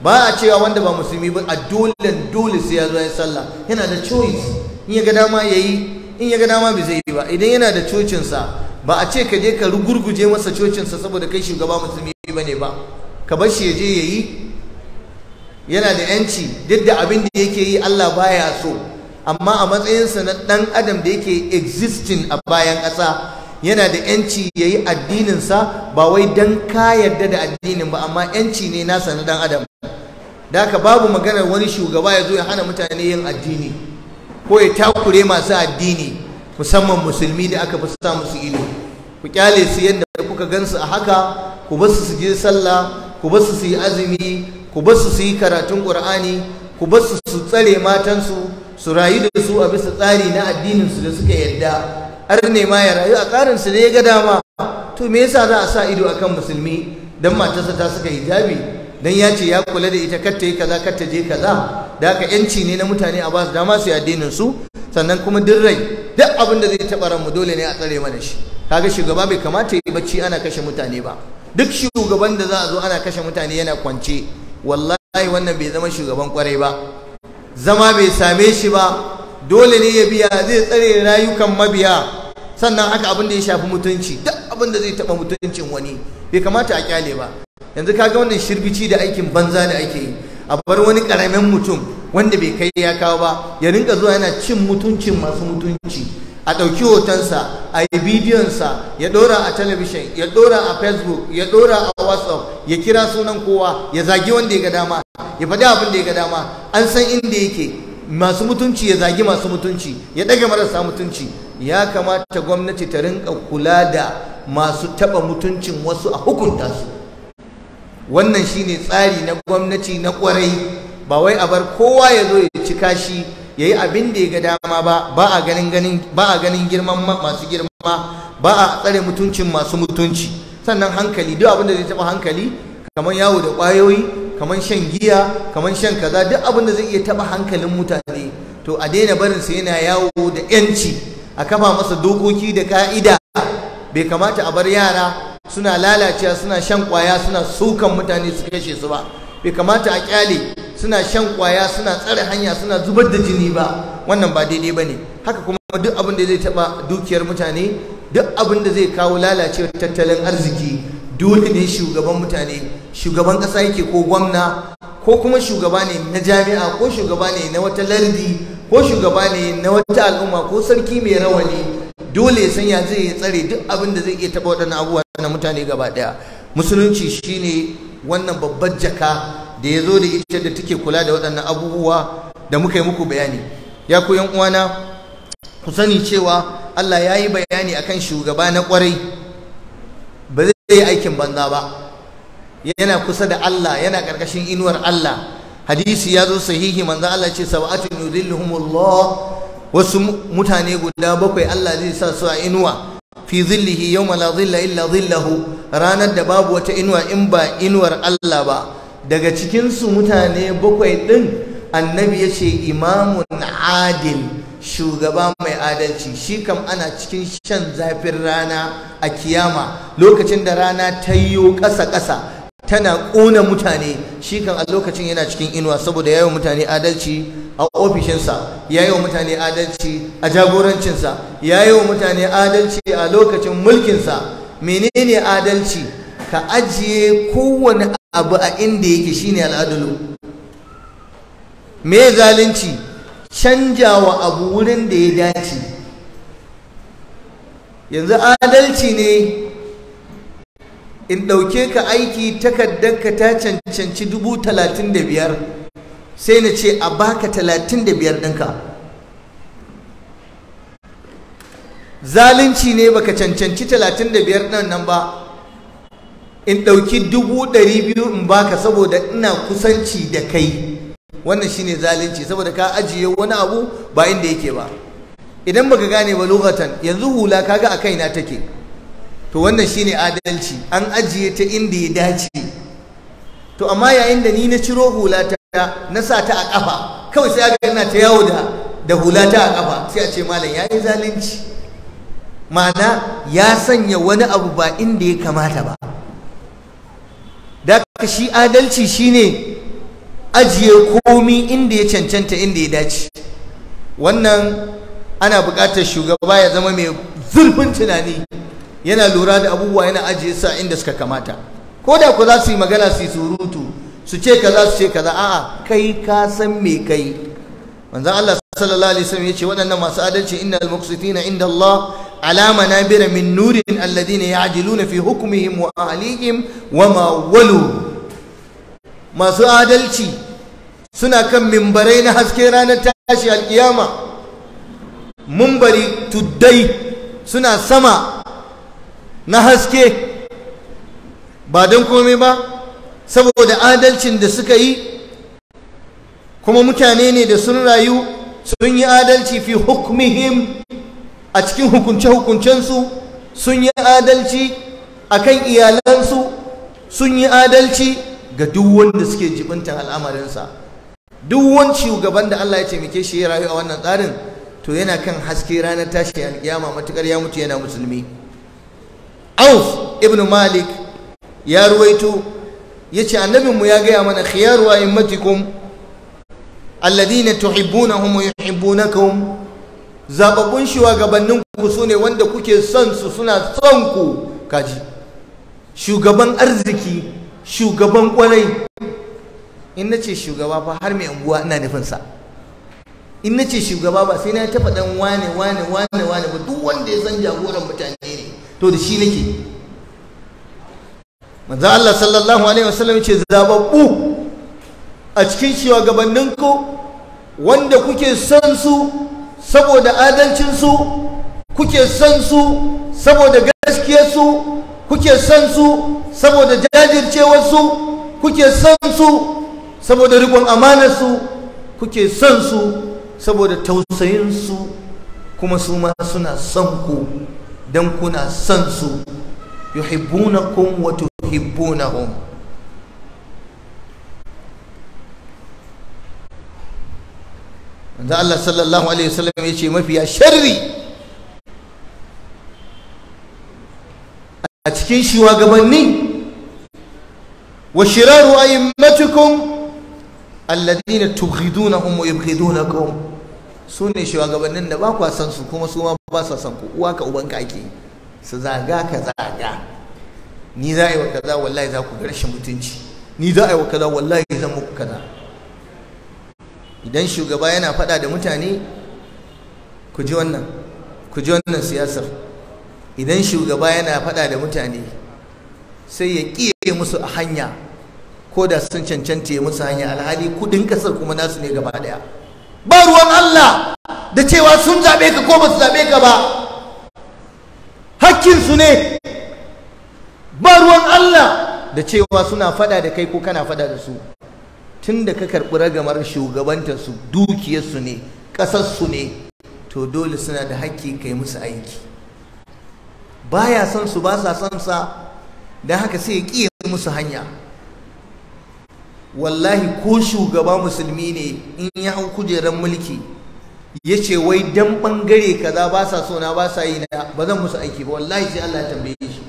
ba a cewa wanda ba musulmi ba a dole dole sai ya zo ya sallah yana da choice in ya ga dama yayi in ya ga dama bai zai yi ba idan yana da cocinsa ba a ce ka je ka rugurguje masa cocinsa saboda kai shugaba musulmi bane ba ka bar shi ya je yayi yana da yanci duk da abin da yake yi Allah baya so amma a matsayinsa na ɗan adam da yake existing a bayan kasa, yana da yanci ya yi addininsa ba wai don ka yarda da addinin ba amma yanci ne nasa na ɗan adam da haka babu maganar wani shugaba ya zo ya hana mutane yin addini ko ya takure masu addini musamman musulmi da aka fi sa musu ido ku kyale su yadda kuka gansu a haka ku basu su je sallah ku basu su yi azumi ku bar su su yi karatun ƙur'ani ku ba su su tsare matansu su rayu da su a bisa tsari na addininsu da suka yadda har ne ma ya rayu a ƙarinsu ne ya ga dama to me yasa za a sa ido akan musulmi dan matarsa ta saka hijabi dan ya ce ya kula da ita katta yi kaza katta je kaza da haka yanci ne na mutane a basu su dama su yi addinin su sannan kuma duk rai duk abin da zai taɓa ranmu dole ne a tsare mana shi kaga shugaba bai kamata ya yi bacci ana kashe mutane ba duk shugaban da za a zo ana kashe mutane yana kwance wallahi wannan bai zama shugaban kwarai ba zama bai same shi ba dole ne ya biya zai tsare rayukan mabiya sannan haka abin da ya shafi mutunci duk abin da zai taba mutuncin wani bai kamata a kyale ba yanzu kaga wannan shirbici da aikin banza da ake yi a bar wani karamin mutum wanda bai kai ya kawo ba ya rinka zuwa yana cin mutuncin masu mutunci a ɗauki hotonsa a yi bidiyonsa ya ɗora a talabishin ya ɗora a facebook ya ɗora a whatsapp ya kira sunan kowa ya zagi wanda ya ga dama ya faɗi abin da ya ga dama an san inda yake masu mutunci ya zagi masu mutunci ya ɗaga marasa mutunci ya kamata gwamnati ta rinka kula da masu taɓa mutuncin wasu a hukunta su wannan shine tsari na gwamnati na ƙwarai ba wai a bar kowa ya zo ya ci kashi yayi abin da ya ga dama ba ba a ganin ganin girman masu girma ba a tsare mutuncin masu mutunci sannan hankali duk abin da zai taba hankali kamar yawo da kwayoyi kamar shan giya kamar shan kaza duk abin da zai iya taba hankalin mutane to a daina barin sa yana yawo da yanci a kafa masa dokoki da ka'ida bai kamata a bar yara suna lalacewa suna shan kwaya suna sukan mutane su kashe su ba bai kamata a kyale suna shan kwaya suna tsare hanya suna zubar da jini ba wannan ba daidai ba ne haka kuma duk abin da zai taɓa dukiyar mutane duk abin da zai kawo lalacewar tattalin arziki dole ne shugaban mutane shugaban ƙasa yake ko gwamna ko kuma shugaba ne na jami'a ko shugaba ne na wata lardi ko shugaba ne na wata al'umma ko sarki mai rawani dole san ya zai tsare duk abin da zai iya taɓa waɗannan abubuwa na mutane gaba ɗaya musulunci shine wannan babbar jaka da ya zo da ita da take kula da waɗannan abubuwa da muka yi muku bayani ya ku yan uwana ku sani cewa Allah ya yi bayani akan shugaba na kwarai ba zai yi aikin banza ba yana kusa da Allah yana ƙarƙashin inuwar Allah hadisi ya zo sahihi manzo Allah ce sab'atun yudhilluhumullah wasu mutane guda bakwai Allah zai sa su a inuwa fi zillihi yawma la zilla illa zillahu ranar da babu wata inuwa in ba inuwar Allah ba daga cikinsu mutane bakwai ɗin annabi ya ce imamun adil shugaba mai adalci shi kam ana cikin shan zafin rana a kiyama lokacin da rana ta yiwo ƙasa-ƙasa tana ƙona mutane shi kan a lokacin yana cikin inuwa saboda wa mutane adalci a ofishinsa ya wa mutane adalci a jagorancinsa ya wa mutane adalci a lokacin mulkinsa menene adalci ka ajiye kowane abu a inda yake shine al'adulu me zalunci canjawa abu wurin da ya dace yanzu adalci ne in ɗauke ka aiki takardar ka ta cancanci dubu talatin da biyar sai na ce a baka talatin da biyar ɗinka zalunci ne baka cancanci talatin da biyar nan ba in ɗauki dubu ɗari biyu in baka saboda ina kusanci da kai wannan shine zalunci saboda ka ajiye wani abu ba inda yake ba idan baka gane ba lokatan yanzu hula kaga a kaina take to wannan shine adalci an ajiye ta inda ya dace to amma yayin da ni na ciro hula ta na sa ta a kafa kawai sai aka ina ta yawo da da hula ta a kafa sai a ce malam yayi zalunci ma'ana ya sanya wani abu ba inda ya kamata ba shi adalci shine ajiye komi inda ya cancanta inda ya dace wannan ana buƙatar shugaba ya zama mai zurfin tunani yana lura da abubuwa yana ajiye sa inda suka kamata ko da ku za su yi magana su yi surutu su ce kaza su ce kaza a'a kai ka san me kai manzon Allah sallallahu alaihi wasallam yace waɗannan masu adalci innal muqsitina inda Allah ala manabira min nurin alladhina ya'diluna fi hukmihim wa ahlihim wa ma walu masu adalci suna kan mimbarai na haske ranar tashi alkiyama mumbari tuddai suna sama na haske ba don komai ba saboda adalcin da suka yi kuma mutane ne da sun rayu sun yi adalci fi hukumihim. a cikin hukunce-hukuncensu sun yi adalci a kan iyalansu sun yi adalci ga duk wanda suke jibintan al'amarinsa duk wani shugaban da Allah ya taimake shi ya rayu a wannan tsarin to yana kan haske ranar tashi alƙiyama matukar ya mutu yana musulmi Auf ibn Malik ya ruwaito yace mu ya gaya mana khiyaru a'immatikum alladhina tuhibbunahum wa yuhibbunakum zababbun shugabannin ku sune wanda kuke son su suna son ku kaji shugaban arziki shugaban kwarai in na ce shugaba ba har mai unguwa ina nufinsa in na ce shugaba ba sai na tafa dan wane wane wane wane ba duk wanda ya san jagoran mutane ne to da shi nake manzo Allah sallallahu alaihi wasallam ce zababbu a cikin ku wanda kuke son su saboda su kuke son su saboda gaskiyarsu kuke son su saboda jajircewarsu kuke son su saboda riƙon amanarsu kuke son su saboda tausayinsu kuma su ma suna son ku don kuna son su yuhibbunakum wa tuhibbunahum manzo Allah sallallahu alaihi wasallam yace mafiya sharri a cikin gabanni. وشرار أئمتكم الذين تبغضونهم ويبغضونكم sune shugabannin da ba kwa san su kuma su ma ba su san ku uwa ka uban ka su zaga ka zaga ni za a yi wa kaza wallahi za ku garshi mutunci ni za a yi wa kaza wallahi zan muku kaza idan shugaba yana fada da mutane ku ji wannan siyasar idan shugaba yana fada da mutane sai ya ƙiye musu a hanya ko da sun cancanta musu hanya alhali kudin ƙasar kuma nasu ne gaba ɗaya ba ruwan Allah da cewa sun zaɓe ka ko ba su zaɓe ka ba hakkinsu ne ba ruwan Allah da cewa suna faɗa da kai ko kana faɗa da su tun da ka karɓi ragamar shugabantarsu dukiyarsu ne ƙasarsu ne to dole suna da hakki kai musu aiki baya son su ba sa son sa don haka sai ya ƙiye musu hanya wallahi ko shugaba musulmi ne in ya hau kujerar mulki ya ce wai dan bangare kaza ba sa so na ba sa yi na ba zan musu aiki ba wallahi sai Allah ya tambaye shi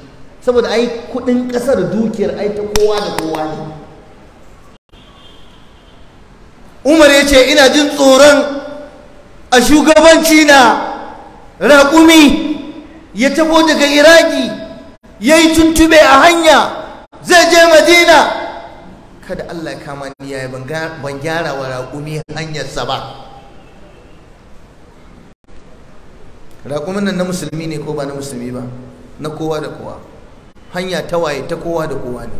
saboda ai kudin kasar dukiyar ai ta kowa da kowa ne Umar ya ce ina jin tsoron a shugabanci na raƙumi ya tabo daga Iraki ya yi tuntube a hanya zai je madina kada allah kama ni ya yi ban gyara wa raƙumi hanyarsa ba raƙumin nan na musulmi ne ko ba na musulmi ba na kowa da kowa hanya ta waye ta kowa da kowa ne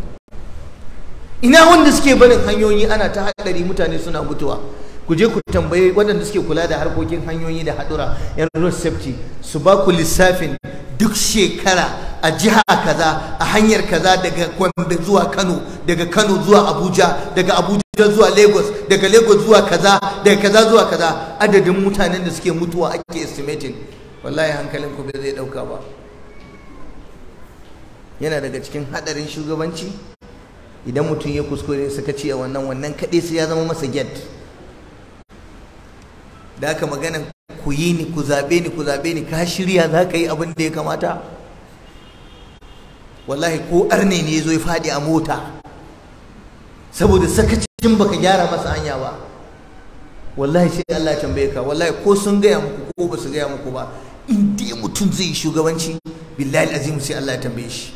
ina wanda suke barin hanyoyi ana ta haɗari mutane suna mutuwa ku je ku tambayi waɗanda suke kula da harkokin hanyoyi da haɗura yan road safety su ba ku lissafin duk shekara a jiha a kaza a hanyar kaza daga Gombe zuwa Kano daga Kano zuwa Abuja daga Abuja zuwa Lagos daga Lagos zuwa kaza daga kaza zuwa kaza adadin mutanen da suke mutuwa ake estimating wallahi hankalin ku bai zai dauka ba yana daga cikin hadarin shugabanci idan mutum ya kuskure suka ce a wannan wannan kaɗai sai ya zama masa get da aka magana ku yi ni ku zaɓe ni ku zaɓe ni ka shirya za ka yi abin da ya kamata wallahi ko arne ne zo ya fadi a mota saboda sakacin baka gyara masa hanya ba wallahi sai Allah ya tambaye ka wallahi ko sun gaya muku ko ba su gaya muku ba in dai mutum zai yi shugabanci billahi azim sai Allah ya tambaye shi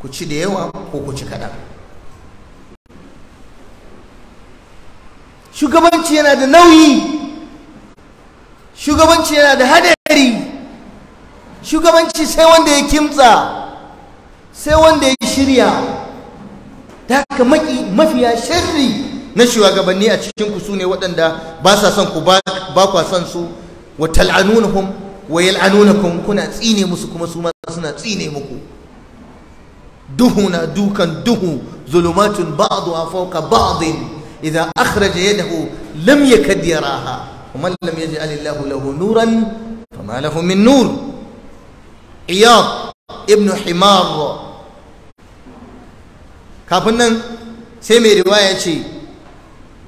ku ci da yawa ko ku ci kaɗan shugabanci yana da nauyi shugabanci yana da hadari shugabanci sai wanda ya kimtsa sai wanda ya shirya da haka mafiya shirri. na shugabanni a cikinku su ne waɗanda ba sa son ku ba kwa son su wa tal'anunahum wa yal'anunakum kuna tsine musu kuma su ma suna tsine muku duhu na dukan duhu zulumatun ba'duha fawqa ba'din idza akhraja yadahu lam yakad yaraha wa man lam yaj'al lahu nuran fama lahu min nur iyad ibn himar kafin nan sai mai riwaya ce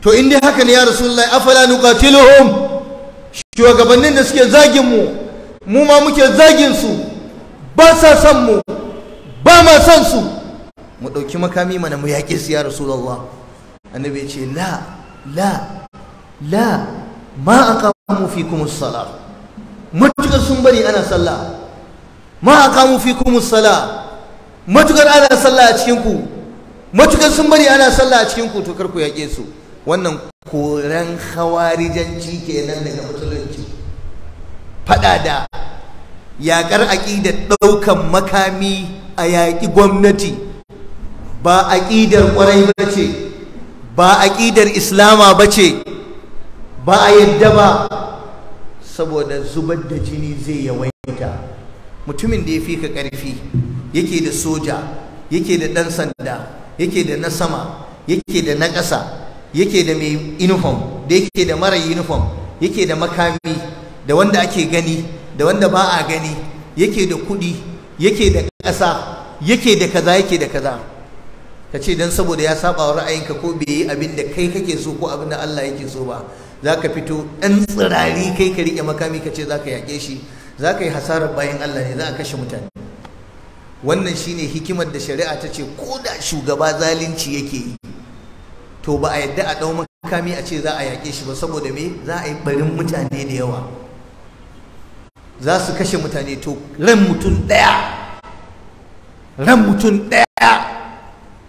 to in dai haka ne ya rasulullahi afala nuqatiluhum shugabannin da suke zagin mu mu ma muke zagin su ba sa mu ba ma san su mu ɗauki makami mana mu yaƙe su ya rasulullah annabi ce la la la ma aqamu fikum as-salah mutuka sun bari ana sallah ma aqamu fikum as-sala matukar ana sallah a cikin matukar sun bari ana sallah a cikin ku to kar ku yake su wannan koran khawarijanci kenan daga musulunci Faɗa da yaƙar aƙidar daukan makami a yaƙi gwamnati ba aqidar kwarai bace ba aƙidar islama bace ba a yadda ba saboda zubar da jini zai yawaita mutumin da ya fi ka ƙarfi yake da soja yake da ɗan sanda yake da na sama yake da na ƙasa yake da mai uniform da yake da mara uniform yake da makami da wanda ake gani da wanda ba a gani yake da kuɗi yake da ƙasa yake da kaza yake da kaza ka ce don saboda ya saba wa ra'ayinka ko bai yi abin da kai kake so ko abin da Allah yake so ba za ka fito ɗan tsirari kai ka riƙe makami ka ce za ka yaƙe shi za ka yi hasarar bayan Allah ne za a kashe mutane wannan shine hikimar da shari'a ta ce ko da shugaba zalunci yake yi to ba a yadda a ɗau makami a ce za a yaƙe shi ba saboda me za a yi barin mutane da yawa za su kashe mutane to ran mutum ɗaya ran mutum ɗaya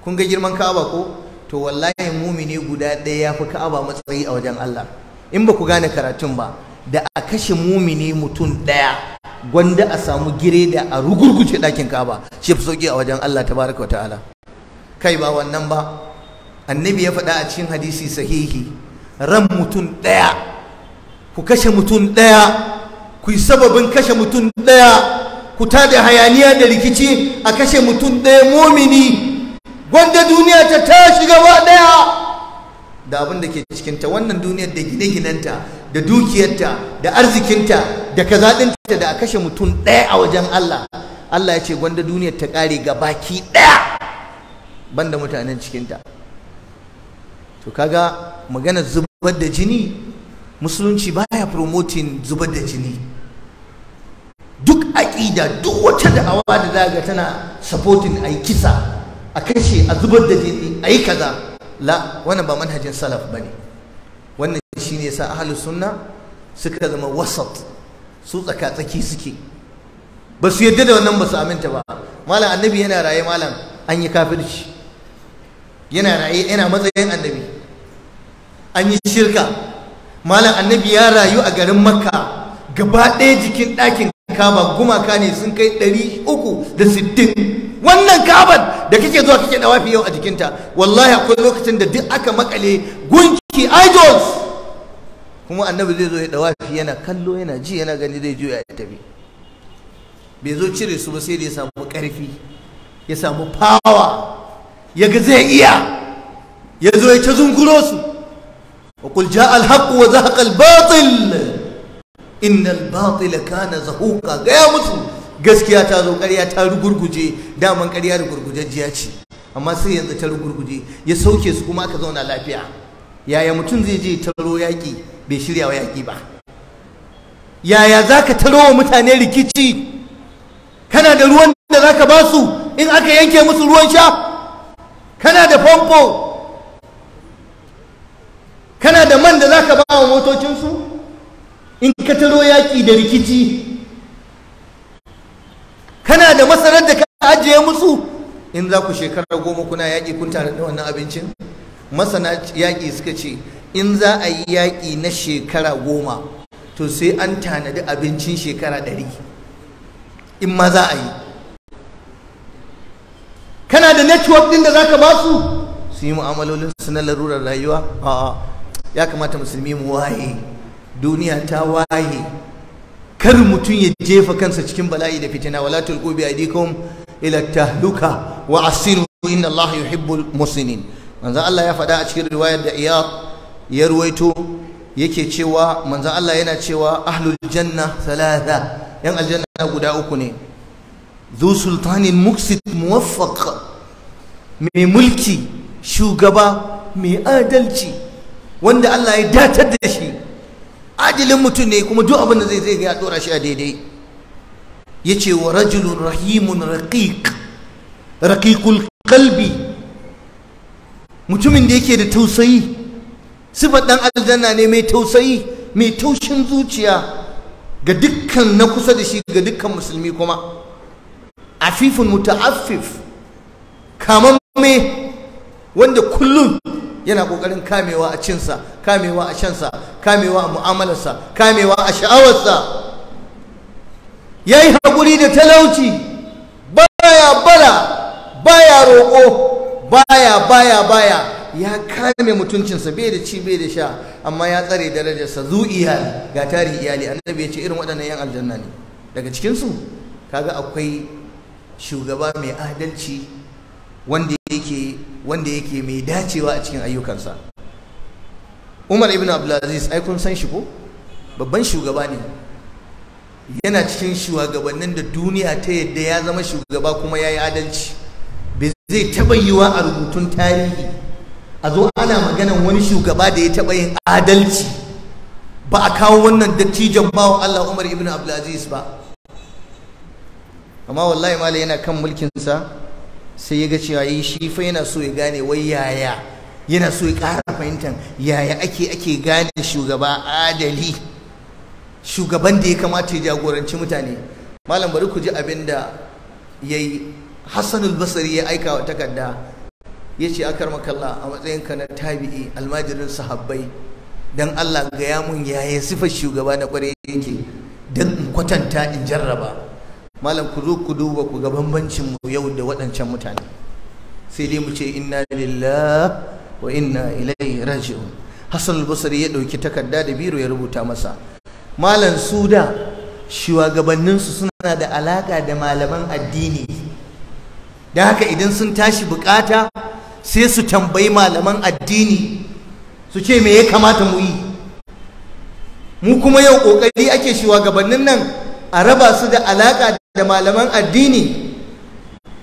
kun ga girman ka'aba ko to wallahi mumini guda ɗaya ya fi ka'aba matsayi a wajen Allah in ba ku gane karatun ba da a kashe mumini mutum ɗaya gwanda a samu gire da a rugurguce ɗakin kaba shi fi soke a wajen Allah tabaraka wa kai ba wannan ba annabi ya faɗa a cikin hadisi sahihi ran mutum ɗaya ku kashe mutum ɗaya ku yi sababin kashe mutum ɗaya ku ta da hayaniya da rikici a kashe mutum ɗaya mumini gwanda duniya ta tashi ba ɗaya da abin da ke cikinta wannan duniyar da gine-ginenta da dukiyarta da arzikinta da kazaɗinta da a kashe mutum ɗaya a wajen Allah Allah ya ce gwanda duniyar ta ƙare ga baki ɗaya banda mutanen cikinta to kaga maganar zubar da jini musulunci baya promotin zubar da jini duk aƙida duk wata da'awa da ga tana supporting a yi kisa a kashe a zubar da jini a yi kaza la wannan ba manhajin salaf ba ne shine yasa ahlus sunna suka zama wasat su tsaka tsaki suke ba su yadda da wannan ba su aminta ba malam annabi yana raye malam an yi kafirci yana raye yana matsayin annabi an yi shirka malam annabi ya rayu a garin makka gaba ɗaya jikin ɗakin kaba gumaka ne sun kai ɗari uku da sittin wannan kabar da kake zuwa kake dawafi yau a jikinta wallahi akwai lokacin da duk aka makale gunki idols kuma annabi zai zo ya dawa dawafi yana kallo yana ji yana gani zai juya ya tafi bai zo cire su ba sai da ya samu karfi ya samu fawa ya ga zai iya ya zo ya ta zunguro su wa qul jaa al haqq wa zahaqa al batil inna al batil kana zahuqa ga ya musu gaskiya ta zo ƙarya ta rugurguje daman ƙarya jiya ce amma sai yanzu ta rugurguje ya sauke su kuma aka zauna lafiya yaya mutum zai je taro yaƙi bai shirya wa yaƙi ba yaya za ka taro wa mutane rikici kana da ruwan da za ka ba su in aka yanke musu ruwan sha kana da famfo kana da man da za ka ba wa motocinsu in ka taro yaƙi da rikici kana da masarar da ka ajiye musu in za ku shekara goma kuna yaƙi kun tare da wannan abincin masana yaƙi suka ce in za a yi yaƙi na shekara goma to sai an tanadi abincin shekara ɗari in ma za a yi kana da network ɗin da za ka ba su su yi mu'amalolin su na larurar rayuwa a'a ya kamata musulmi mu waye duniya ta waye kar mutum ya jefa kansa cikin bala'i da fitina wala tulqu bi aydikum ila tahluka wa asiru inna allaha yuhibbul musinin manza Allah ya faɗa a cikin riwayar da iyad ya ruwaito yake cewa manzon Allah yana cewa ahlul janna thalatha yan aljanna guda uku ne zu sultanin muksit muwaffaq mai mulki shugaba mai adalci wanda Allah ya datar da shi adilin mutum ne kuma duk abin da zai zai ya dora shi a daidai yace wa rajulun rahimun raqiq raqiqul qalbi mutumin da yake da tausayi sifar dan aljanna ne mai tausayi mai taushin zuciya ga dukkan na kusa da shi ga dukkan musulmi kuma afifun muta'affif kaman me wanda kullum yana kokarin kamewa a cinsa kamewa a shansa kamewa a mu'amalarsa kamewa a sha'awarsa yayi hakuri da talauci baya bala baya roƙo baya baya baya ya kame mutuncinsa bai da ci bai da sha amma ya tsare darajarsa zu iyali ga tarihi iyali annabi ya ce irin waɗannan yan aljanna ne daga cikinsu kaga akwai shugaba mai adalci wanda yake wanda yake mai dacewa a cikin ayyukansa umar ibn abdulaziz ai kun san shi ko babban shugaba ne yana cikin shugabannin da duniya ta yadda ya zama shugaba kuma ya yi adalci zai taɓa yiwa a rubutun tarihi a zo ana maganan wani shugaba da ya taɓa yin adalci ba a kawo wannan dattijan bawa Allah Umar ibn Abdulaziz ba amma wallahi malai yana kan mulkinsa sai ya ga cewa yi eh, shi fa yana so ya gane wai yaya yana so ya ƙara fahimtar yaya ake ake gane shugaba adali shugaban da ya kamata ya jagoranci mutane malam bari ku ji abin da ya yi Hassan al ya aika wa takarda Ya yace akar makalla a matsayin na tabi'i almajirin sahabbai Don Allah gaya mun yaya sifar shugaba na kwarai yake don in kwatanta in jarraba malam ku zo ku duba ku ga bambancin mu yau da waɗancan mutane sai dai mu ce inna Lillah, wa inna ilaihi raji'un Hassan al-Basri ya ɗauki takarda da biro ya rubuta masa malam suda shugabanninsu suna da alaka da malaman addini da haka idan sun tashi bukata sai su tambayi malaman addini su ce me ya kamata mu yi mu kuma yau kokari ake shugabannin nan a raba su da alaka da malaman addini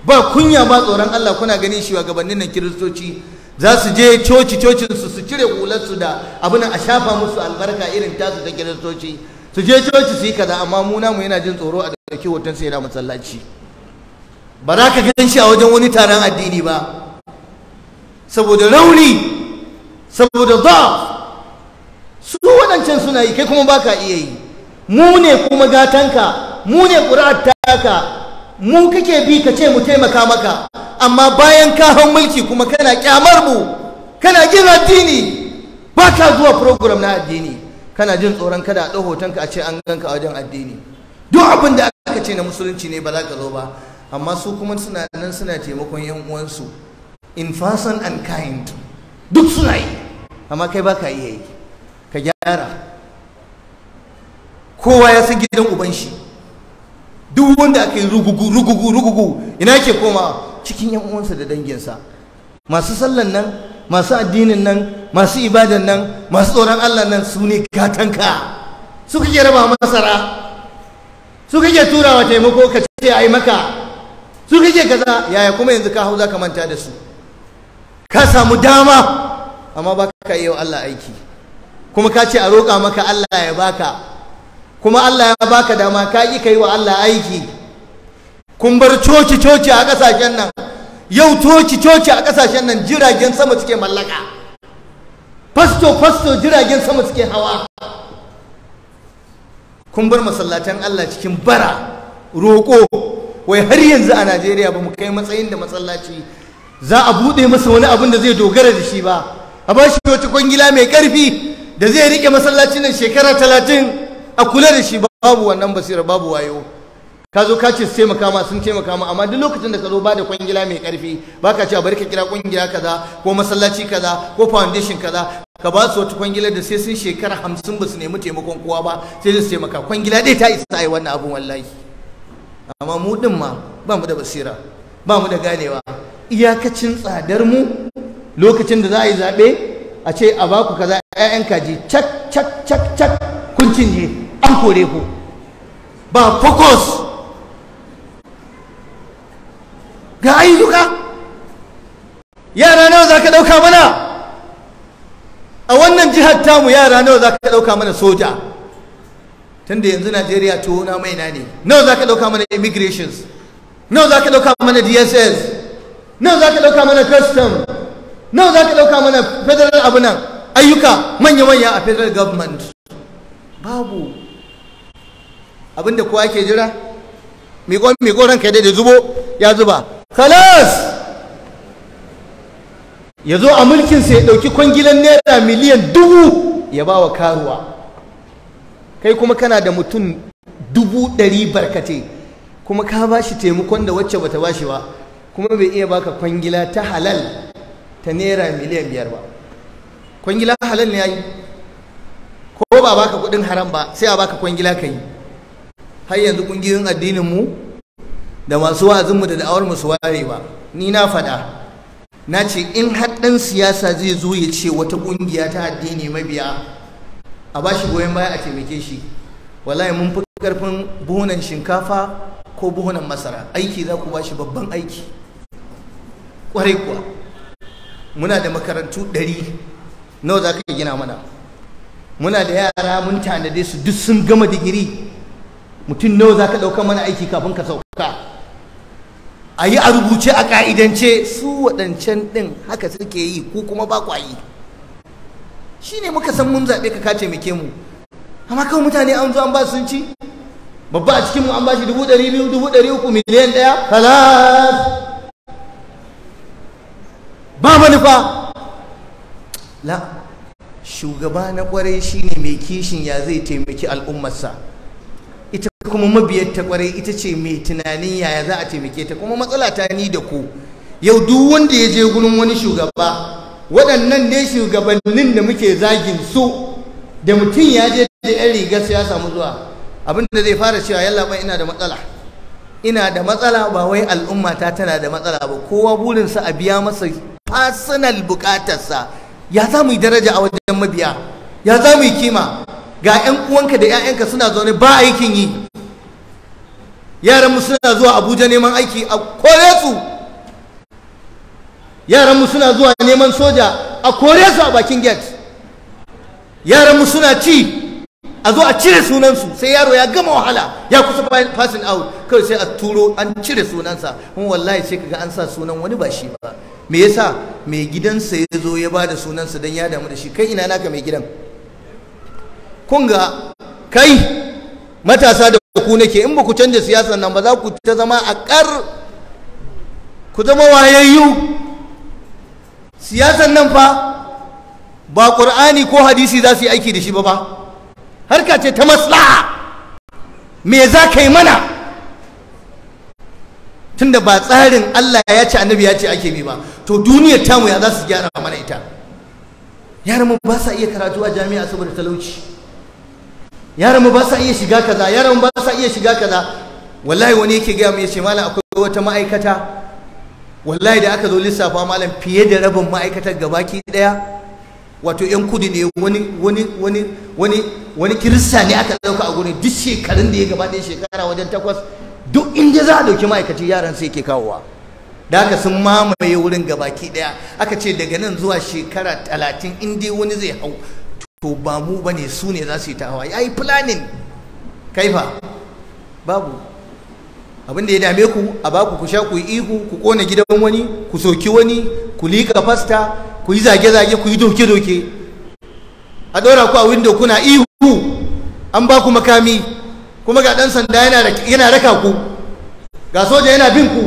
ba kunya ba tsoron Allah kuna ganin shugabannin nan kiristoci za su je coci cocin su su cire kulansu da abin a shafa musu albarka irin tasu ta kiristoci su je coci su yi kaza amma mu yana jin tsoro a ɗauki hoton sai na masallaci ba za ka gan shi a wajen wani taron addini ba saboda rauni saboda da'af su waɗancan suna yi kai kuma ba ka iya yi mu ne kuma gatanka mu ne ƙura'ar taka mu kake bi ka ce mu taimaka maka amma bayan ka mulki kuma kana kyamar mu kana gina addini ba ka zuwa program na addini kana jin tsoron kada a ɗau hotonka a ce an ganka wajen addini duk abin da aka ce na musulunci ne ba za ka zo ba amma su kuma suna nan suna taimakon yan uwansu in fason and kind duk suna yi amma kai ba ka iya yi ka gyara kowa ya san gidan uban shi duk wanda aka yi rugugu rugugu rugugu ina ke koma cikin yan uwansa da danginsa masu sallan nan masu addinin nan masu ibadan nan masu tsoron Allah nan su ne gatanka suka kake raba masara Suka su tura wa taimako ka ce yi maka su kake kaza yaya kuma yanzu ka hau za ka manta da su ka samu dama amma ba ka yi wa Allah aiki kuma ka ce a roƙa maka Allah ya baka kuma Allah ya baka dama ka yi ka yi wa Allah aiki kun bar coci coci a ƙasashen nan yau coci coci a ƙasashen nan jiragen sama suke mallaka fasto fasto jiragen sama suke hawa kun bar masallatan Allah cikin bara roƙo wai har yanzu a najeriya ba mu kai matsayin da masallaci za a buɗe masa wani abin da zai dogara da shi ba a ba shi wata kwangila mai ƙarfi da zai riƙe masallacin nan shekara talatin a kula da shi babu wannan basira babu wayo ka zo ka ce su taimaka ma sun taimaka ma amma duk lokacin da ka zo ba da kwangila mai ƙarfi ba ka ce a bari ka kira kungiya kaza ko masallaci kaza ko foundation kaza ka ba su wata kwangila da sai sun shekara hamsin ba su nemi taimakon kowa ba sai su taimaka kwangila dai ta isa a yi wannan abin wallahi amma mu din ma ba mu da basira ba mu da ganewa iyakacin tsadar mu lokacin da za a yi zaɓe a ce a baku kaza ƴaƴan kaji cak cak cak cak kun cinye an kore ku ba focus ga ayyuka yara nawa za ka ɗauka mana a wannan jihar tamu yara nawa za ka ɗauka mana soja tunda yanzu Najeriya mai na maina ne nawa zaka dauka mana immigrations nawa zaka dauka mana DSS nawa zaka dauka mana custom nawa zaka dauka mana federal abu nan ayyuka manya manya a federal government babu abinda kowa yake jira miko miko ranka da zubo ya zuba khalas ya zo a mulkin sa ya dauki kwangilan naira miliyan dubu ya ba wa karuwa kai kuma kana da mutum dubu ɗari barkate kuma ka ba shi taimakon da wacce bata ba shi ba kuma bai iya baka kwangila ta halal ta naira miliyan biyar ba kwangila halal ne yi ko ba baka kudin haram ba sai a baka kwangila ka yi har yanzu kungiyoyin addinin mu da masu wa'azin mu da da'awar mu su ware ba ni na faɗa na ce in har ɗan siyasa zai zo ya ce wata ƙungiya ta addini mabiya a ba shi goyon baya a taimake shi wallahi mun fi karfin buhunan shinkafa ko buhunan masara aiki za ku ba shi babban aiki kwarai kuwa muna da makarantu ɗari nawa za ka gina mana muna da yara mun tanade su duk sun gama digiri mutum nawa za ka ɗauka mana aiki kafin ka sauka a yi a rubuce a ka'idance su waɗancan ɗin haka suke yi ko kuma ba kwayi. shi ne muka san mun zaɓe ka kace muke mu amma kawai mutane an zo an ba sun ci babba a cikinmu an ba shi dubu ɗari biyu dubu ɗari uku miliyan ɗaya kalas ba fa. la shugaba na kwarai shine mai kishin ya zai taimaki al'ummarsa ita kuma mabiyar ta kwarai ita ce mai tunanin yaya za a taimake ta kuma matsala ta ni da ku yau duk wanda ya je gurin wani shugaba waɗannan ne shugabannin da muke zagin su da mutum ya je da yan rigar ya samu zuwa abinda da zai fara cewa yalla ba ina da matsala ina da matsala ba wai al'umma ta tana da matsala ba kowa burinsa a biya masa personal bukatarsa ya za mu yi daraja a wajen mabiya ya za mu yi kima ga 'yan uwanka da 'ya'yanka suna zaune ba aikin yi yaran mu suna zuwa abuja neman aiki a kore su yaranmu suna zuwa neman soja a kore su a bakin gate yaranmu suna ci a zo a cire sunansu sai yaro ya gama wahala ya kusa passing out kawai sai a turo an cire sunansa kuma wallahi sai kaga an sa sunan wani ba shi ba me yasa mai gidansa ya zo ya bada sunansa dan ya damu da shi kai ina naka mai gidan kun ga kai matasa da ku nake in ba ku canja siyasar nan ba za ku ta zama a kar ku zama wayayyu siyasan nan fa ba ƙur'ani ko hadisi za su yi aiki da shi ba ba harka ce ta maslaha me za ka yi mana tunda ba tsarin Allah ya ce annabi ya ce ake bi ba to duniyar tamu ya za su gyara mana ita yaran mu ba sa iya karatu a jami'a saboda talauci yaran mu ba sa iya shiga kaza yaran mu ba sa iya shiga kaza wallahi wani yake gaya mu ya ce akwai wata ma'aikata wallahi da aka zo lissafa malam fiye da rabin ma'aikatar gabaki daya wato yan kudu ne wani wani wani wani wani kirista ne aka dauka a gurin duk shekarun da ya gaba ɗaya shekara wajen takwas duk inda za a dauki ma'aikaci yaran sai ke kawowa da aka sun mamaye wurin gabaki daya aka ce daga nan zuwa shekara talatin in dai wani zai hau to ba mu bane su ne za su yi ta hawa ya yi planning kaifa babu abin da ya dame ku a baku ku sha ku yi ihu ku kona gidan wani ku soki wani ku liƙa fasta ku yi zage-zage ku yi doke-doke a ɗora ku a windo kuna ihu an ba ku makami kuma ga ɗan sanda yana raka ku ga soja yana bin ku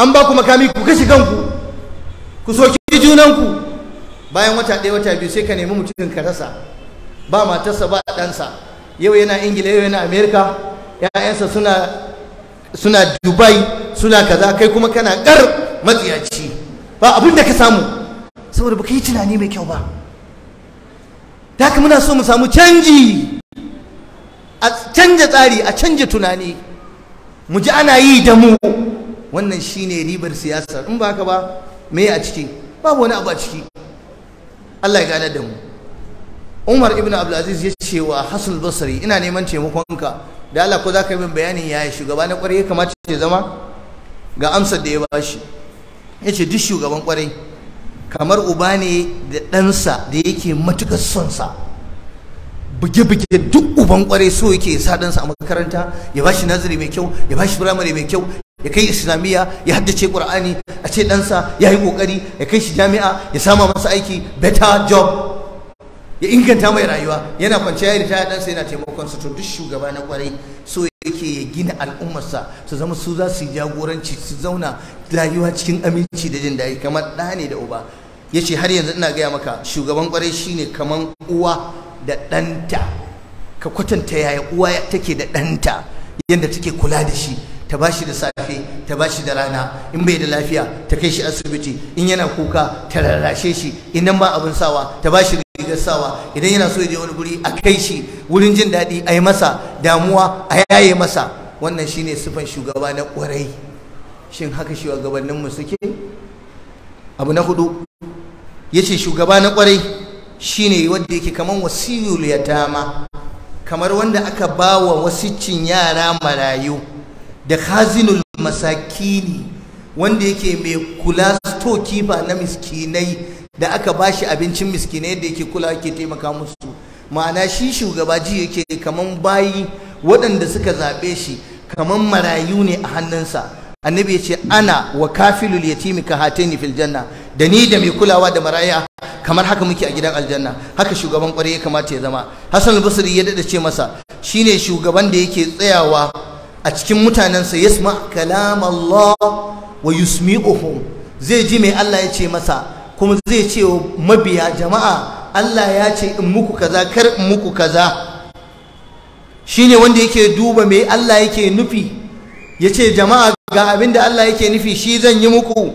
an ba ku makami ku kashe kanku ku soki junanku bayan wata ɗaya wata biyu sai ka nemi mutumin ka rasa ba matarsa ba a ɗansa yau yana ingila yau yana amerika 'ya'yansa suna suna dubai suna kaza kai kuma kana kar matsiyaci ba abin da ka samu saboda ka yi tunani mai kyau ba da haka muna so mu samu canji a canja tsari a canja tunani mu ji ana yi da mu wannan shine ribar siyasa. in ba haka ba me a ciki babu wani abu a ciki Allah ya gana da mu umar ibn abdulaziz ya ce wa hasan basri ina neman taimakonka da Allah ko za ka yi min bayanin yi shugaba na kwarai ya kamata ce zama ga amsar da ya bashi ya ce duk shugaban kwarai kamar uba ne da ɗansa da yake matuƙar son sa buge-buge duk uban kwarai so yake sa ɗansa a makaranta ya bashi nazari mai kyau ya bashi firamare mai kyau ya kai islamiyya ya haddace ƙur'ani a ce ɗansa ya yi ƙoƙari ya kai shi jami'a ya sama masu aiki better job ya inganta mai rayuwa yana kwanciya ya ta dan sai yana taimakon su to duk shugaba na kwarai so yake ya gina al'ummarsa su zama su za su jagoranci su zauna rayuwa cikin aminci da jin daɗi kamar ɗa ne da uba ya ce har yanzu ina gaya maka shugaban kwarai shine kamar uwa da ɗanta ka kwatanta yaya uwa take da ɗanta yadda take kula da shi ta ba shi da safe ta ba shi da rana in bai da lafiya ta kai shi asibiti in yana kuka ta rarrashe shi idan ba abin sawa ta ba shi rigar sawa idan yana so ya je wani guri a kai shi wurin jin daɗi a yi masa damuwa a yaye masa wannan shine sufan shugaba na ƙwarai shin haka shugabanninmu suke abu na hudu ya ce shugaba na ƙwarai shine wanda yake kaman wasiyul yatama kamar wanda aka ba wa wasiccin yara marayu da khazinul masakini wanda yake mai kula kifa na miskinai da aka bashi abincin miskinai da yake kula yake taimaka musu ma'ana shi shugaba ji yake kaman bayi waɗanda suka zaɓe shi kaman marayu ne a hannunsa annabi ya ce ana wa kafilul yatimi ka hatini fil janna da ni da mai kulawa da maraya kamar haka muke a gidan aljanna haka shugaban kwarai ya kamata ya zama hasan al-basri ya dada ce masa shine shugaban da yake tsayawa a cikin mutanensa yasma kalam Allah wa yusmi'uhum zai ji mai Allah ya ce masa kuma zai ce wa mabiya jama'a Allah ya ce in muku kaza kar in muku kaza Shi ne wanda yake duba mai Allah yake nufi Ya ce jama'a ga abin da Allah yake nufi shi zan yi muku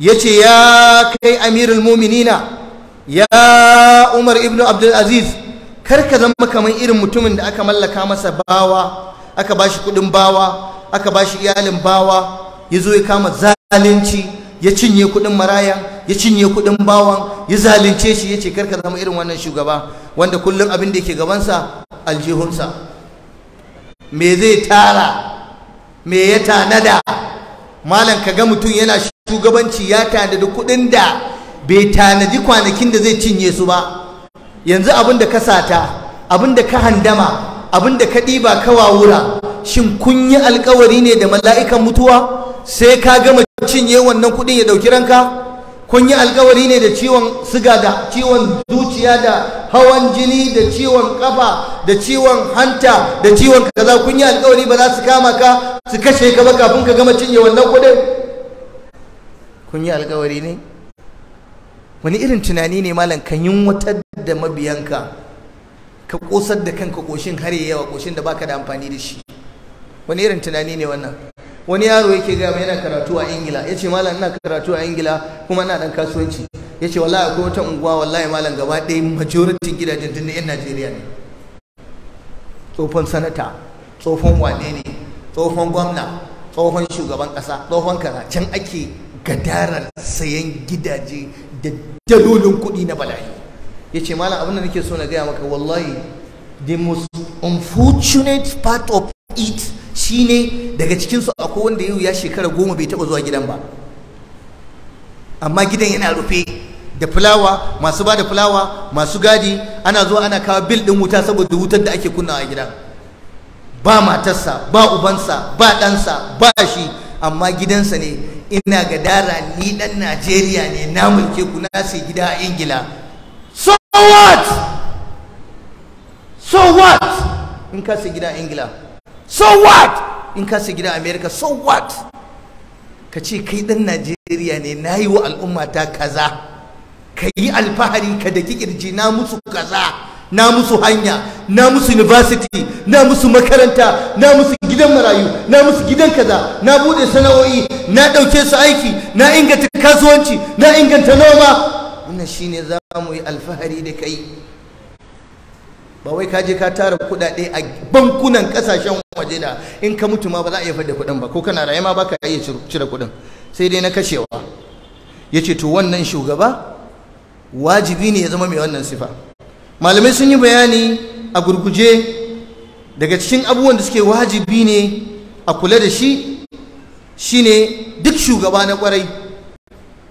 Ya ce ya kai amirul mu'minina ya Umar ibn Abdulaziz? kar ka zama kamar irin mutumin da aka mallaka masa bawa aka ba shi kudin bawa aka ba shi iyalin bawa ya zo ya kama zalunci ya cinye kudin maraya ya cinye kudin bawan ya zalunce shi ya ce kar ka zama irin wannan shugaba wanda kullum abin da yake gabansa aljihunsa me zai tara me ya tanada malam ka ga mutum yana shugabanci ya tanadi kudin da bai tanadi kwanakin da zai cinye su ba yanzu abin da ka sata abin da ka handama abin da ka ɗiba ka wawura shin kun yi alkawari ne da mala'ikan mutuwa sai ka gama cinye wannan kuɗin ya ɗauki ranka kun yi alkawari ne da ciwon siga da ciwon zuciya da hawan jini da ciwon kafa da ciwon hanta da ciwon kaza kun yi alkawari ba za su kama ka su kashe ka ba kafin ka gama cinye wannan kuɗin kun yi alkawari ne wani irin tunani ne malam kan wata da mabiyanka ka kosar da kanka koshin har ya yawa koshin da baka da amfani da shi wani irin tunani ne wannan wani yaro yake gaya yana karatu a ingila ya ce malam ina karatu a ingila kuma ina dan kasuwanci ya ce wallahi akwai wata unguwa wallahi malam gaba ɗaya majoritin gidajen tun yan najeriya ne tsohon sanata tsohon wane ne tsohon gwamna tsohon shugaban kasa tsohon kaza can ake gadarar sayan gidaje da dalolin kuɗi na bala'i ya ce malam abin nake so na gaya maka wallahi the most unfortunate part of it shine daga cikinsu akwai wanda yau ya shekara goma bai taba zuwa gidan ba amma gidan yana rufe da fulawa masu ba da fulawa masu gadi ana zuwa ana kawo bil din wuta saboda wutar da ake kunna a gidan ba matarsa ba ubansa ba ɗansa ba shi amma gidansa ne ina gadara ni ɗan najeriya ne na mulke ku na sai gida a ingila so what so what in ka gida gidan ingila so what in ka gida gidan america so what ka ce kai dan najeriya ne na yi wa al'umma ta kaza ka yi alfahari ka daki kirji na musu kaza na musu hanya na musu university na musu makaranta na musu gidan marayu na musu gidan kaza na bude sana'o'i na ɗauke su aiki na inganta kasuwanci na inganta noma wannan ne za mu yi alfahari da kai ba wai kaje ka tara kudade a bankunan kasashen waje da in ka mutu ma ba za a iya fada kudin ba ko kana raye ma ba ka iya cire kudin sai dai na kashewa ce to wannan shugaba wajibi ne ya zama mai wannan sifa malamai sun yi bayani a gurguje daga cikin abubuwan da suke wajibi ne a kula da shi shine duk shugaba na kwarai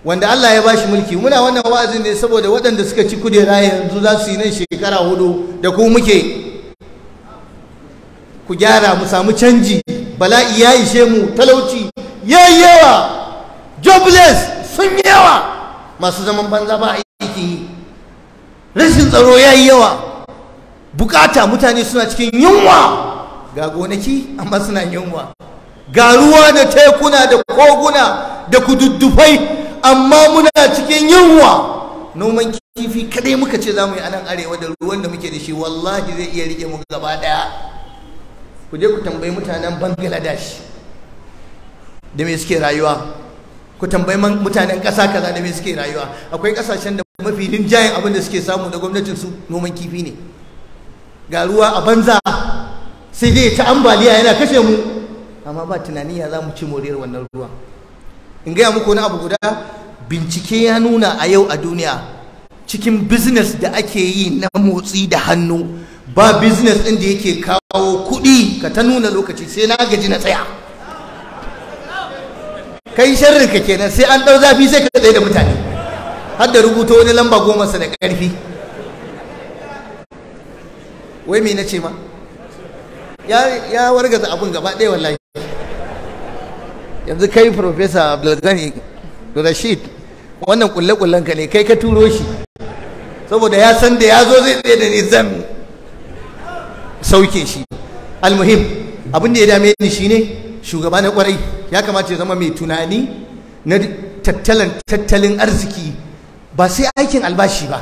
wanda Allah ya bashi mulki muna wannan wa'azin ne saboda waɗanda suka ci kudera yanzu za su yi nan shekara hudu da ku muke ku gyara mu samu canji bala'i ya ishe mu talauci ya yawa jobless sun yi yawa masu zaman banza ba aiki rashin tsaro ya yi yawa bukata mutane suna cikin yunwa ga gonaki amma suna yunwa ga ruwa da tekuna da koguna da kududdufai amma muna cikin yunwa noman kifi kadai muka ce za mu yi anan arewa da ruwan da muke da shi wallahi zai iya rike mu gaba daya ku je ku tambayi mutanen bangladesh da me suke rayuwa ku tambayi mutanen ƙasa kaza da me suke rayuwa akwai ƙasashen da mafi rinjayen abin da suke samu da gwamnatin su noman kifi ne ga ruwa a banza sai dai ta ambaliya yana kashe mu amma ba tunani ya za mu ci moriyar wannan ruwan in gaya muku wani abu guda bincike ya nuna a yau a duniya cikin business da ake yi na motsi da hannu ba business ɗin da yake kawo kuɗi ka ta nuna lokaci sai na gaji na tsaya kai sharrin ka kenan sai an ɗau zafi sai ka tsaye da mutane har da wani lamba goma sa da ƙarfi wai me na ce ma ya wargaza abun gaba ɗaya wallahi yanzu kai professor abdulgani rashid wannan kulle-kullen ka ne kai ka turo shi saboda ya san da ya zo zai tsaye da ni zan sauke shi almuhim abin da ya dame ni shine shugaba na kwarai ya kamata ya zama mai tunani na tattalin arziki ba sai aikin albashi ba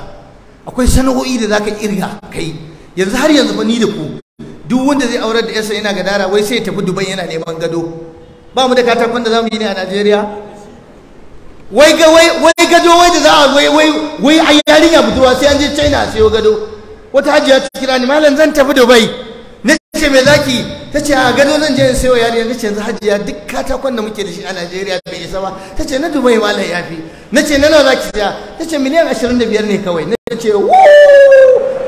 akwai sana'o'i da zaka kirga kai yanzu har yanzu ba ni da ku duk wanda zai aurar da yasa yana gadara wai sai ya tafi duban yana neman gado ba mu da katakon da za mu yi ne a najeriya wai ga wai gado wai da za a wai wai wai a yarinya budurwa sai an je china a siyo gado wata hajiya ta kira ni malam zan tafi dubai na ce me zaki ta ce a gado zan je in wa yarinya na ce yanzu hajiya duk katakon da muke da shi a najeriya bai isa ba ta ce na dubai malam ya fi na ce na nawa zaki siya ta ce miliyan ashirin da biyar ne kawai na ce wuuu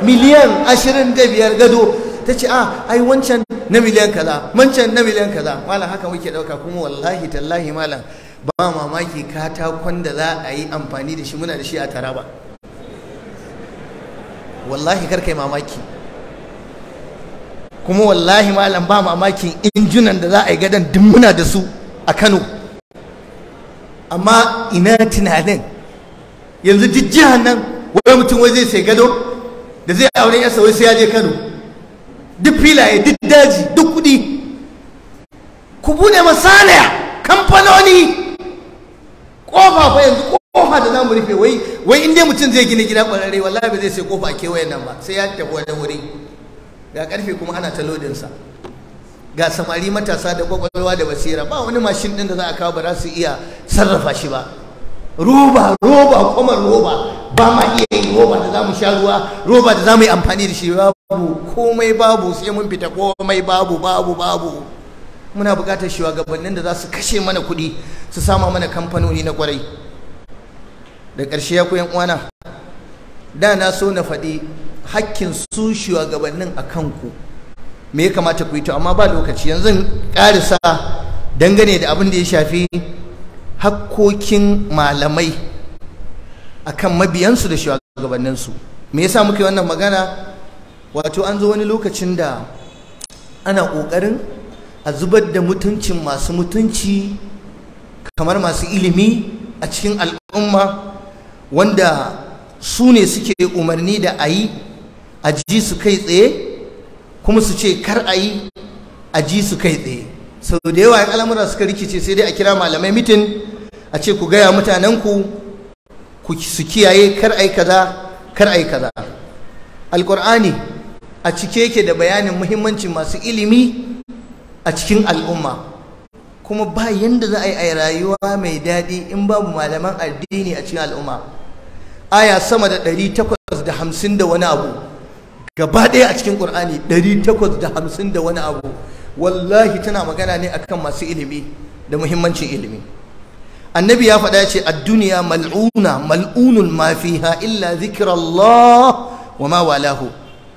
miliyan ashirin da biyar gado ta ce a ah, ai wancan na miliyan kaza wancan na miliyan kaza malam haka muke dauka kuma wallahi tallahi malam ba mamaki katakon da za a yi amfani da shi muna da shi a taraba wallahi karkai mamaki kuma wallahi malam ba mamakin injunan da za a yi gadon duk muna da su a kano amma ina tunanin yanzu duk jihar nan wani mutum wai zai sai gado da zai aure yasa wai sai ya je kano duk filaye duk daji duk kudi ku bude masaniya kamfanoni kofa fa yanzu kofa da zamu rufe wai wai in dai mutum zai gina gida ƙwararre wallahi ba zai sai kofa a kewayen nan ba sai ya tafi wani wuri ga karfe kuma ana ta sa ga samari matasa da ƙwaƙwalwa da basira ba wani mashin ɗin da za a kawo ba za su iya sarrafa shi ba roba roba kuma roba ba ma iya yin roba da za mu sha ruwa roba da za mu yi amfani da shi babu komai babu sai mun fita komai babu babu babu muna buƙatar shugabannin da za su kashe mana kuɗi su sama mana kamfanoni na kwarai da ƙarshe ya koyan uwana da na so na faɗi hakkin su shugabannin a kanku me ya kamata ku yi to amma ba lokaci yanzu ƙarisa dangane da abin da ya shafi hakkokin malamai a kan mabiyansu da shugabanninsu me yasa muka wannan magana wato an zo wani lokacin da ana ƙoƙarin a zubar da mutuncin masu mutunci kamar masu ilimi a cikin al'umma wanda su ne suke umarni da a yi a ji su kai tsaye kuma su ce kar a yi a ji su kai tsaye sau da yawa ya kalamura suka rikice sai dai a kira malamai mitin a ce ku gaya mutanenku ku su kiyaye kar ai kaza kar ai kaza alkur'ani a cike yake da bayanin muhimmancin masu ilimi a cikin al'umma kuma ba yanda za a yi a rayuwa mai daɗi in babu malaman addini a cikin al'umma aya sama da ɗari takwas da hamsin da wani abu gaba ɗaya a cikin ƙur'ani ɗari takwas da hamsin da wani abu wallahi tana magana ne akan masu ilimi da muhimmancin ilimi annabi ya faɗa ce a duniya mal'una mal'unun mafiha, illa illa zikrallah wa ma walahu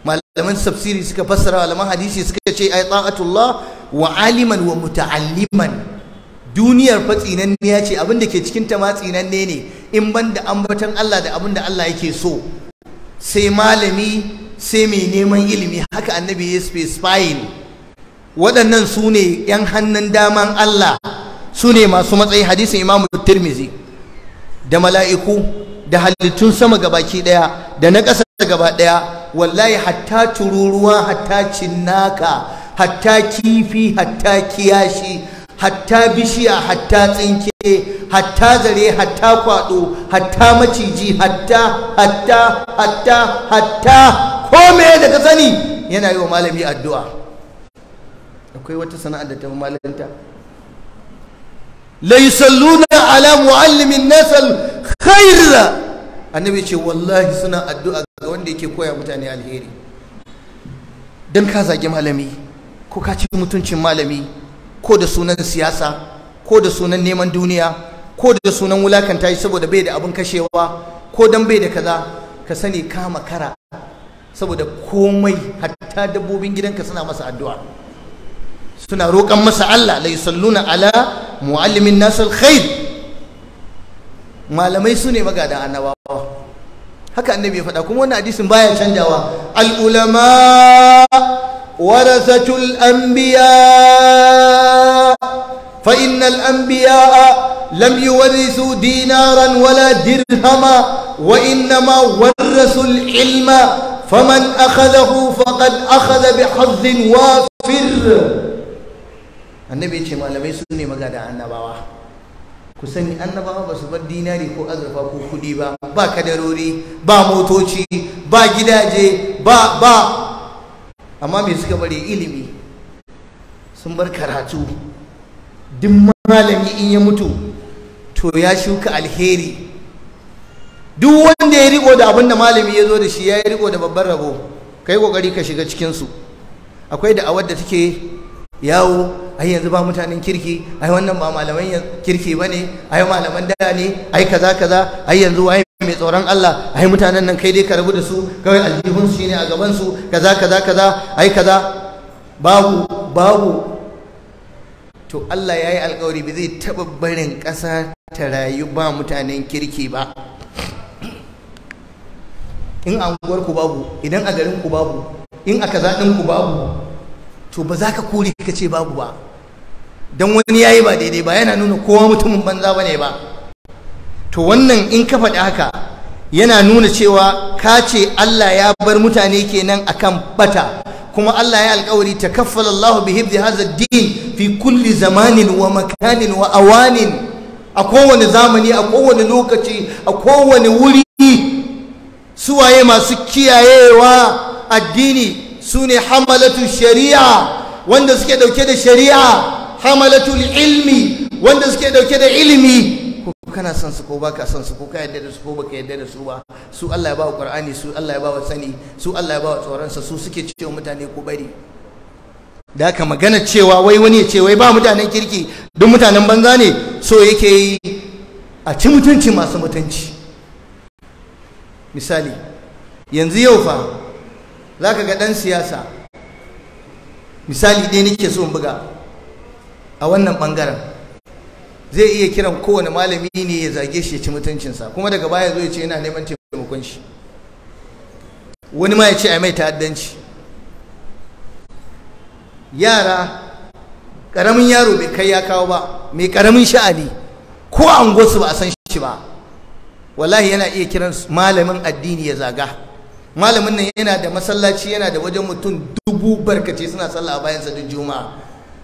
malaman tafsiri suka fassara malaman hadisi suka ce ai ta'atullah wa aliman wa muta'alliman duniyar fa tsinanniya ce abinda da ke cikin ta ma tsinanne ne in ban da ambaton Allah da abun da Allah yake so sai malami sai mai neman ilimi haka annabi ya specifying waɗannan su ne 'yan hannun daman Allah su ne masu matsayi hadisin imamu tirmizi da mala'iku da halittun sama gabaki ɗaya da na ƙasa gaba ɗaya wallahi hatta tururuwa hatta cinnaka hatta kifi hatta kiyashi hatta bishiya hatta tsinke hatta zare hatta kwaɗo, hatta maciji hatta hatta hatta hatta kome da ka sani yana yi wa malami addu'a akwai wata sana'a da ta fi malanta lai salluna ala muallimin nasal kaira. annabi ce wallahi suna addu'a ga wanda yake koya mutane alheri dan ka zage malami ko ka ci mutuncin malami ko da sunan siyasa ko da sunan neman duniya ko da sunan wulakanta shi saboda bai da abin kashewa ko dan bai da kaza ka sani kama kara saboda komai hatta dabbobin gidanka suna masa addu'a suna roƙon masa Allah la yusalluna ala muallimin nas alkhair malamai su ne magadan annabawa haka annabi ya faɗa kuma wannan hadisin baya canjawa al ulama warasatul anbiya fa innal anbiya لم يورثوا دينارا ولا درهما وإنما ورثوا العلم فمن أخذه فقد أخذ بحظ وافر annabi ce malamai su ne maza da annabawa ku sani annabawa ba su bar dinari ko azurfa ko kuɗi ba ba kadarori ba motoci ba gidaje ba ba amma me suka bari ilimi sun bar karatu duk malami in ya mutu to ya shuka alheri duk wanda ya riko da abin da malami ya zo da shi ya yi riko da babban rabo kai kokari ka shiga cikinsu akwai da awar da take yawo ai yanzu ba mutanen kirki ai wannan ba malaman kirki bane ai malaman da ne ai kaza kaza ai yanzu ai mai tsoron Allah ai mutanen nan kai dai ka rabu da su kawai aljihun su ne a gaban su kaza kaza kaza ai kaza babu babu to Allah ya yi alkawari ba zai taɓa barin ƙasa ta rayu ba mutanen kirki ba in a ku babu idan a garin ku babu in a kaza din ku babu to ba za ka kore ka ce babu ba don wani ya yi ba daidai ba yana nuna kowa mutumin banza ba ne ba to wannan in ka faɗi haka yana nuna cewa ka ce Allah ya bar mutane kenan akan bata kuma Allah ya alkawari takaffala Allah bi hibdi hadha din fi kulli zamanin wa makanin wa awanin a kowane zamani a kowane lokaci a kowane wuri suwaye masu kiyayewa addini su ne hamalatu shari'a wanda suke dauke da shari'a hamalatul ilmi wanda suke dauke da ilimi ko kana son su ko baka son su ko ka yadda da su ko baka yadda da su ba su Allah ya ba wa Qur'ani su Allah ya ba sani su Allah ya ba wa tsoron sa su suke cewa mutane ko bari da haka magana cewa wai wani ya ce wai ba mutanen kirki duk mutanen banza ne so yake yi a ci mutunci masu mutunci misali yanzu yau fa za ka ga ɗan siyasa misali ɗaya nake so in buga a wannan bangaren zai iya kiran kowane malami ne ya zage shi ya ci mutuncinsa kuma daga baya zo ya ce yana neman taimakon shi wani ma ya ce a mai ta'addanci yara ƙaramin yaro bai kai ya kawo ba mai karamin sha'ani ko an gosu ba a san shi ba wallahi yana iya kiran malamin addini ya zaga malamin nan yana da masallaci yana da wajen mutum dubu barkace suna sallah a bayansa duk juma'a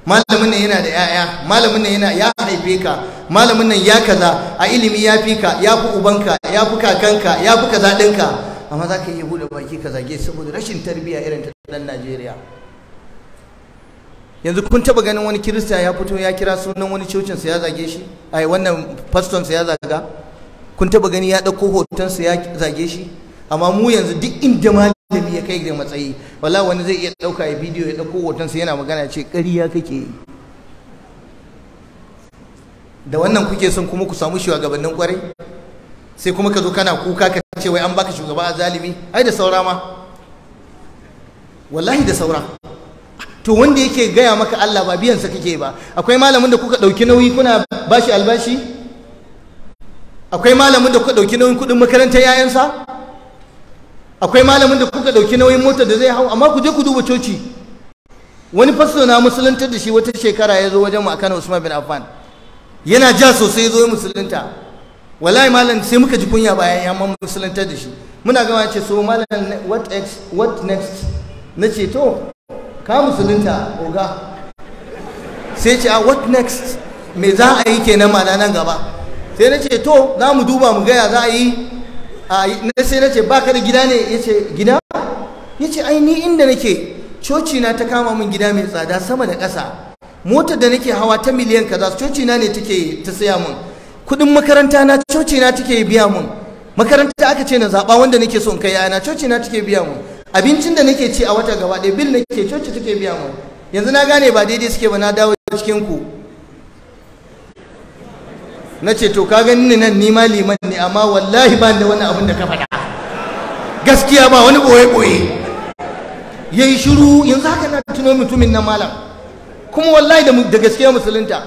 malamin nan yana da yaya malamin nan yana ya haife ka malamin nan ya kaza a ilimi ya fi ka ya fi ubanka ya fi kakanka ya fi kaza ɗinka amma za ka iya buɗe baki ka zage saboda rashin tarbiyya irin ta ɗan najeriya yanzu kun taɓa ganin wani kirista ya fito ya kira sunan wani cocinsa ya zage shi ai wannan fastonsa ya zaga kun taɓa gani ya ɗauko hotonsa ya zage shi amma mu yanzu duk inda malami ya kai da matsayi wala wani zai iya ɗauka ya bidiyo ya ɗauko hotonsa yana magana ce ƙarya kake yi da wannan kuke son kuma ku samu shugabannin kwarai sai kuma ka zo kana kuka ka ce wai an baka shugaba a zalimi ai da saura ma wallahi da saura to wanda yake gaya maka Allah ba biyansa kake ba akwai malamin da kuka ɗauki nauyi kuna bashi albashi akwai malamin da kuka ɗauki nauyin kudin makarantar 'ya'yansa akwai malamin da kuka ɗauki nauyin mota da zai hau amma ku je ku duba coci wani fasto na musuluntar da shi wata shekara ya zo wajen mu akan Usman bin Affan yana ja sosai ya zo musulunta wallahi malam sai muka ji kunya bayan ya man musuluntar da shi muna gama ce so malam what next what next nace to ka musulunta oga sai ce ah what next me za a yi kenan ma nan gaba sai nace to za mu duba mu gaya za a yi na sai na ce ba ka da gida ne ya ce gida ya ce ai ni inda nake coci na ta kama min gida mai tsada sama da ƙasa motar da nake hawa ta miliyan kaza coci na ne take ta saya min kuɗin makaranta na coci na take biya min makaranta aka ce na zaɓa wanda nake son kai yana coci na take biya min abincin da nake ci a wata gaba ɗaya bil nake coci take biya min yanzu na gane ba daidai suke ba na dawo cikin ku na ce to ka gani nan ni ma liman ne amma wallahi ba da wani abin da ka faɗa gaskiya ba wani ɓoye-ɓoye ya yi shiru yanzu haka na tuno mutumin na malam kuma wallahi da gaskiya musulunta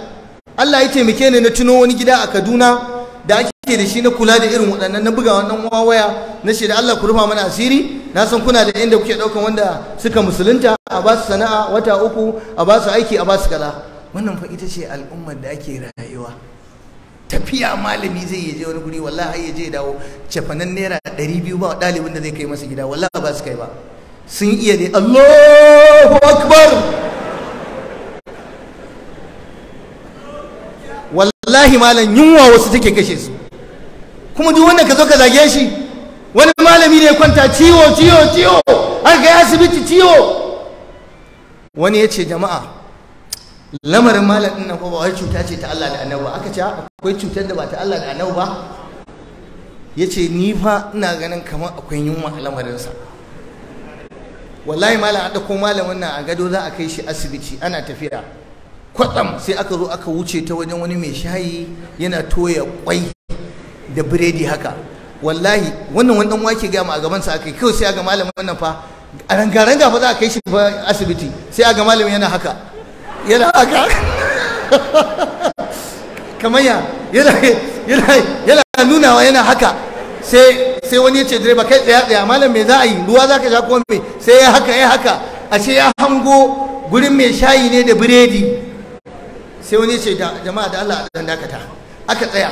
Allah ya taimake ni na tuno wani gida a Kaduna da ake da shi na kula da irin waɗannan na buga wannan wawaya na ce da Allah ku rufa mana asiri na san kuna da inda kuke ɗaukan wanda suka musulunta a ba su sana'a wata uku a ba su aiki a ba su kaza wannan fa ita ce al'ummar da ake rayuwa tafiya malami zai yi je wani guri wallahi ya dawo cefanen naira ɗari biyu ba ɗalibin da zai kai masa gida wallahi ba su kai ba sun iya ne Allahu akbar wallahi malam yunwa wasu take kashe su kuma duk wanda ka zo ka zage shi wani malami ne kwanta ciwo ciwo ciwo har ga asibiti ciwo wani ya ce jama'a lamarin malam ɗin nan ba wai cuta ce ta Allah da annabi aka ce akwai cutar da ba ta Allah da annabi ba Ya ce ni fa ina ganin kamar akwai yunwa a lamarinsa? wallahi malam an ko malamin nan a gado za a kai shi asibiti ana tafiya kwatsam sai aka zo aka wuce ta wajen wani mai shayi yana toya kwai da biredi haka wallahi wannan wani ɗan wake gama a gaban sa kai? kawai sai ga malamin nan fa a rangaranga fa za a kai shi fa asibiti sai ga malamin yana haka yana aka kamar ya yana nunawa yana haka sai wani ya ce direba kai tsaya tsaya malam me za a yi ruwa za ka sha ko me sai ya haka ya haka a ce ya hango gurin mai shayi ne da biredi sai wani ya ce jama'a da Allah dan dakata aka tsaya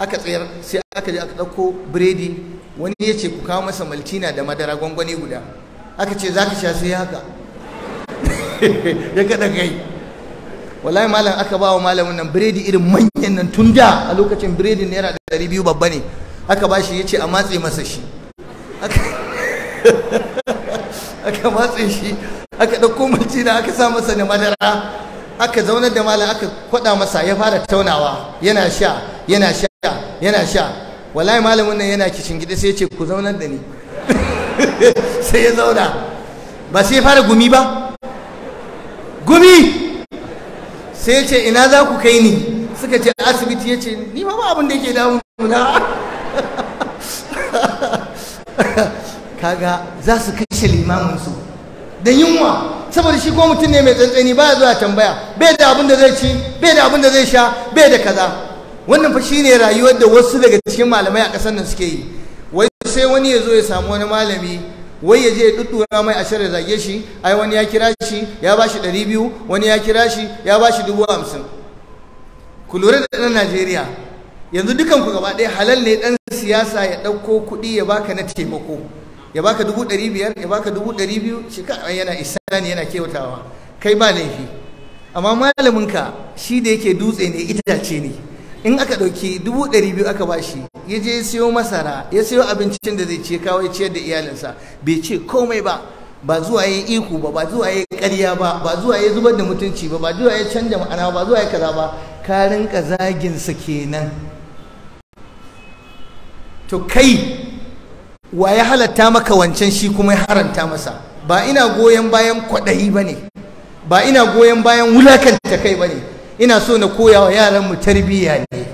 aka tsayar sai aka je aka dauko biredi wani ya ce ku kawo masa maltina da madara gwangwani guda aka ce za ka sha sai ya haka ya kada kai wallahi malam aka ba wa malamin nan biredi irin manyan nan tun da a lokacin biredin naira ɗari biyu babba ne aka ba shi ya ce a matse masa shi aka matse shi aka ɗauko da aka sa masa da madara aka zaunar da malam aka kwaɗa masa ya fara taunawa yana sha yana sha yana sha wallahi malamin nan yana kishin gida sai ya ce ku zaunar da ni sai ya zauna ba sai ya fara gumi ba gumi sai ce ina za ku kai ni suka ce asibiti ya ce ni ma ba abin da yake damu na kaga za su kashe limaminsu da yunwa saboda shi ko mutum ne mai tsantsani ba zuwa tambaya bai da abin da zai ci bai da abin da zai sha bai da kaza wannan fa ne rayuwar da wasu daga cikin malamai a ƙasar nan suke yi wai sai wani ya zo ya samu wani malami wai ya je ya duddura mai ashar ya zage shi ai wani ya kira shi ya ba shi ɗari biyu wani ya kira shi ya ba shi dubu hamsin ku lura da ɗan najeriya yanzu dukan ku gaba ɗaya halal ne ɗan siyasa ya ɗauko kuɗi ya baka na taimako ya baka dubu ɗari biyar ya baka dubu ɗari biyu shi ka yana ne, yana kewatawa kai ba laifi amma malaminka shi da yake dutse ne itace ne in aka ɗauki dubu ɗari biyu aka ba shi, ya je siyo masara ya siyo abincin da zai ce kawai ciyar da iyalinsa bai ce komai ba ba zuwa ya iko ba ba zuwa ya karya ba ba zuwa ya zubar da mutunci ba ba zuwa ya canja ma'ana ba zuwa ya kaza ba ka rinka sa kenan to kai wa ya halatta maka wancan shi kuma ya haranta masa ba ina goyon bayan kwaɗayi ba ne ba ina goyon bayan wulakanta kai ba ne ina so na koya wa yaran mu tarbiyya ne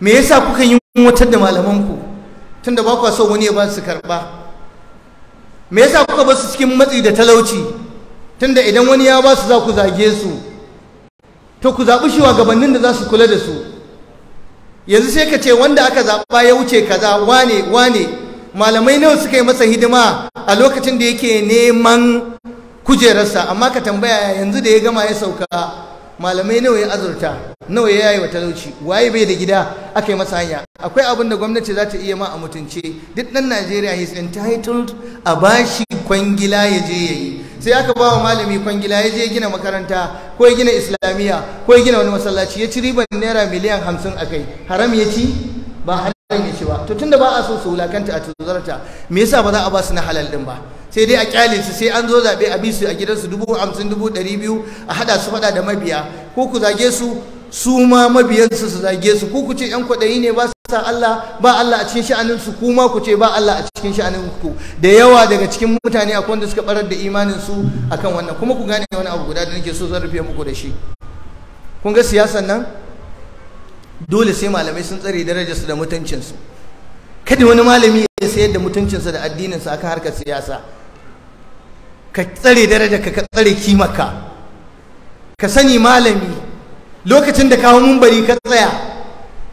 me yasa kuka yi wutar da malaman ku tunda ba ku so wani ya ba su karba me yasa kuka ba su cikin matsi da talauci tunda idan wani ya ba su za ku zage su to ku zaɓi gabanin da za su kula da su yanzu sai ka ce wanda aka zaɓa ya wuce kaza wane wane malamai nawa suka yi masa hidima a lokacin da yake neman kujerarsa amma ka tambaya yanzu da ya gama ya sauka malamai nawa ya azurta nawa ya yi wa talauci waye bai da gida aka yi masa hanya akwai abin da gwamnati za ta iya ma a mutunce duk ɗan najeriya he is entitled a bashi kwangila ya je ya yi sai aka ba wa malami kwangila ya je gina makaranta ko ya gina islamiyya ko ya gina wani masallaci ya ci riban naira miliyan hamsin a kai haram ya ci ba zan yi cewa to tunda ba a so su wulakanta a tuzarta me yasa ba za a ba su na halal din ba sai dai a kyale su sai an zo zabe a bi su a gidansu dubu hamsin dubu ɗari biyu a haɗa su faɗa da mabiya ko ku zage su su ma mabiyansu su zage su ko ku ce yan kwaɗayi ne ba su sa Allah ba Allah a cikin sha'anin su kuma ku ce ba Allah a cikin sha'anin ku da yawa daga cikin mutane akwai wanda suka barar da imanin su akan wannan kuma ku gane wani abu guda da nake so zan rufe muku da shi kun ga siyasan nan dole sai malamai sun tsare darajarsu da mutuncinsu kada wani malami ya sayar da mutuncinsa da addininsa aka harkar siyasa ka tsare darajarka ka tsare kimarka ka sani malami lokacin da kawo mumbari ka tsaya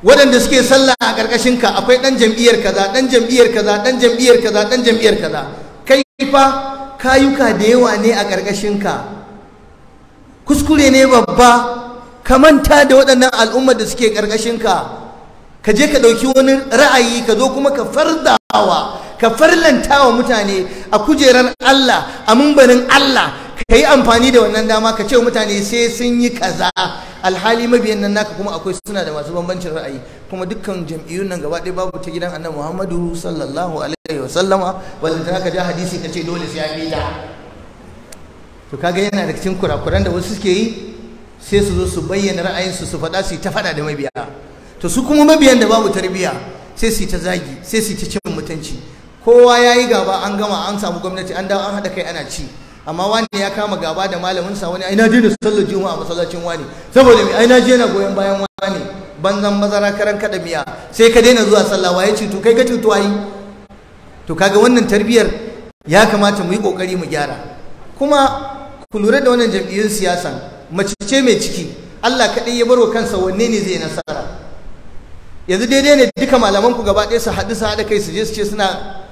waɗanda suke sallah a ƙarƙashinka akwai ɗan jam'iyyar kaza ɗan jam'iyyar kaza ɗan jam'iyyar kaza ɗan jam'iyyar kaza kai fa kayuka da yawa ne a ƙarƙashinka kuskure ne babba ka manta da waɗannan al'ummar da suke ƙarƙashinka ka je ka ɗauki wani ra'ayi ka zo kuma ka farzawa ka farlantawa mutane a kujerar Allah a mumbarin Allah ka yi amfani da wannan dama ka ce mutane sai sun yi kaza alhali mabiyan nan naka kuma akwai suna da masu bambancin ra'ayi kuma dukkan jam'iyyun nan gaba ɗaya babu ta gidan annabi Muhammadu sallallahu alaihi wa sallama wanda ta ka ja hadisi ka ce dole sai ya bi ta to kaga yana da cikin kurakuran da wasu suke yi sai su zo su bayyana ra'ayinsu su faɗa su ta faɗa da mabiya to su kuma mabiyan da babu tarbiyya sai su ta zagi sai su ta cin mutunci kowa ya yi gaba an gama an samu gwamnati an dawo an haɗa kai ana ci amma wani ya kama gaba da malamin sa wani ai na daina sallar juma'a masallacin wani saboda mai ai na je na goyon bayan wani banzan bazara karan kada miya sai ka daina zuwa sallah waye to kai ka to ai to kaga wannan tarbiyar ya kamata mu yi kokari mu gyara kuma ku lura da wannan jam'iyyun siyasan mace ce mai ciki Allah kaɗai ya bar wa kansa wanne ne zai nasara yanzu daidai ne duka malaman ku gaba ɗaya su haɗu su haɗa kai su je su ce suna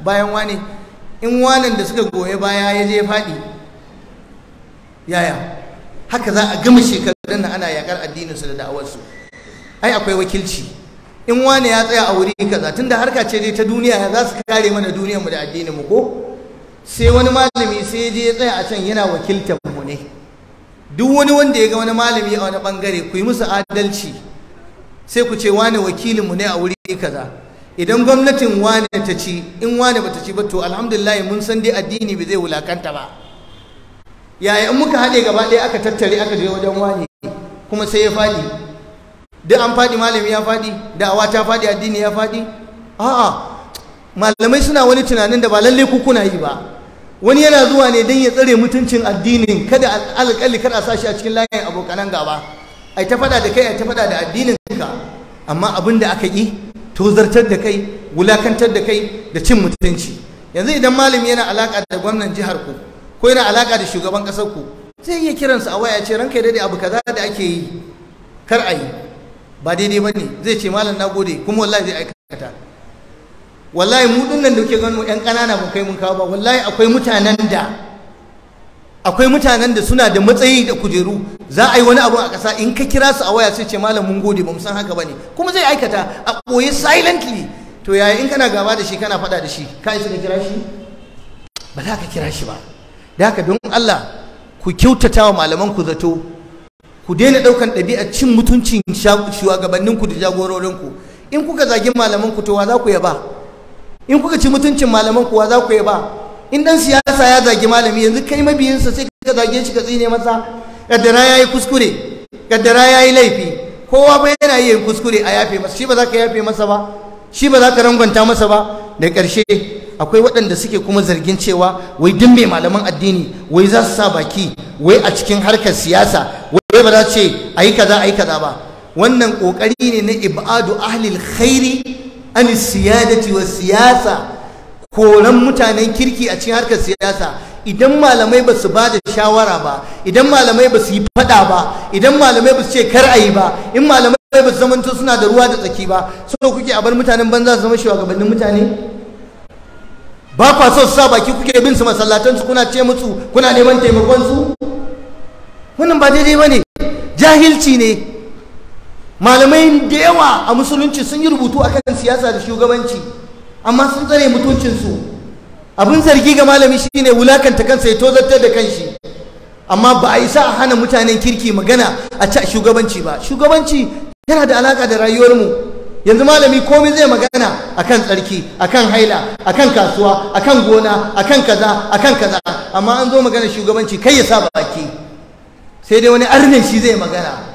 bayan wane. in wanan da suka goye baya ya je faɗi yaya haka za a gama shekarun nan ana yakar addinin su da da'awar su ai akwai wakilci in wane ya tsaya a wuri kaza tunda harka ce dai ta duniya za su kare mana duniyarmu da addinin mu ko sai wani malami sai ya je ya tsaya a can yana wakiltar mu ne duk wani wanda ya ga wani malami a wani bangare ku yi musu adalci sai ku ce wane wakilin mu ne a wuri kaza idan gwamnatin wane ta ci in wane bata ci ba to alhamdulillah mun san dai addini bai zai wulakanta ba yaya in muka haɗe gaba ɗaya aka tattare aka je wajen wane kuma sai ya faɗi duk an faɗi malami ya faɗi da'awa ta faɗi addini ya faɗi a'a malamai suna wani tunanin da ba lallai ku kuna yi ba wani yana zuwa ne don ya tsare mutuncin addinin kada alƙalli kada a shi a cikin layin abokanan gaba ai ta faɗa da kai ai ta faɗa da addinin ka amma abin da aka yi tozartar da kai wulakantar da kai da cin mutunci yanzu idan malami yana alaƙa da gwamnan jihar ku ko yana alaƙa da shugaban ƙasar ku zai iya kiransa a waya ce ranka daidai abu kaza da ake yi kar a yi ba daidai ba ne zai ce malam na gode kuma wallahi zai aikata wallahi mu dinnan da kuke ganin yan ƙanana ba kai mun kawo ba wallahi akwai mutanen da akwai mutanen da suna da matsayi da kujeru za a yi wani abu a ƙasa in ka kira su a waya sai ce malam mun gode ba mu san haka bane kuma zai aikata a ɓoye silently to yaya in kana gaba da shi kana faɗa da shi ka isa ka kira shi ba za ka kira shi ba da haka don Allah ku kyautata wa malaman ku zato ku daina ɗaukan ɗabi'ar cin mutuncin shugabanninku da jagororinku in kuka zagi malaman ku to wa za ku yaba in kuka ci mutuncin malaman kuwa za ku yi ba in dan siyasa ya zagi malami yanzu kai mabiyinsa sai ka zage shi ka tsine masa kaddara ya yi kuskure kaddara ya yi laifi kowa ba yana yin kuskure a yafe masa shi ba za ka yafe masa ba shi ba za ka rangwanta masa ba da ƙarshe akwai waɗanda suke kuma zargin cewa wai duk mai malaman addini wai za su sa baki wai a cikin harkar siyasa wai ba za ce a yi kaza a yi kaza ba wannan ƙoƙari ne na ibadu ahlil khairi an siyadati wa siyasa koran mutanen kirki a cikin harkar siyasa idan malamai ba su ba da shawara ba idan malamai ba su yi fada ba idan malamai ba su ce kar a yi ba in malamai ba su zamanto suna da ruwa da tsaki ba so kuke a bar mutanen banza su zama shugabannin mutane ba kwa so su sa baki kuke bin su masallatan su kuna ce musu kuna neman taimakon su wannan ba daidai bane jahilci ne malamai da yawa a musulunci sun yi rubutu akan siyasa da shugabanci amma sun tsare mutuncinsu abin zargi ga malami ne wulakanta kansa ya tozartar da kanshi amma ba a isa a hana mutanen kirki magana a ci shugabanci ba shugabanci yana da alaka da rayuwarmu yanzu malami komai zai magana a kan tsarki a kan haila a kan kasuwa a kan gona a kan kaza a kan kaza amma an zo magana shugabanci kai ya sa baki sai dai wani arnin shi zai magana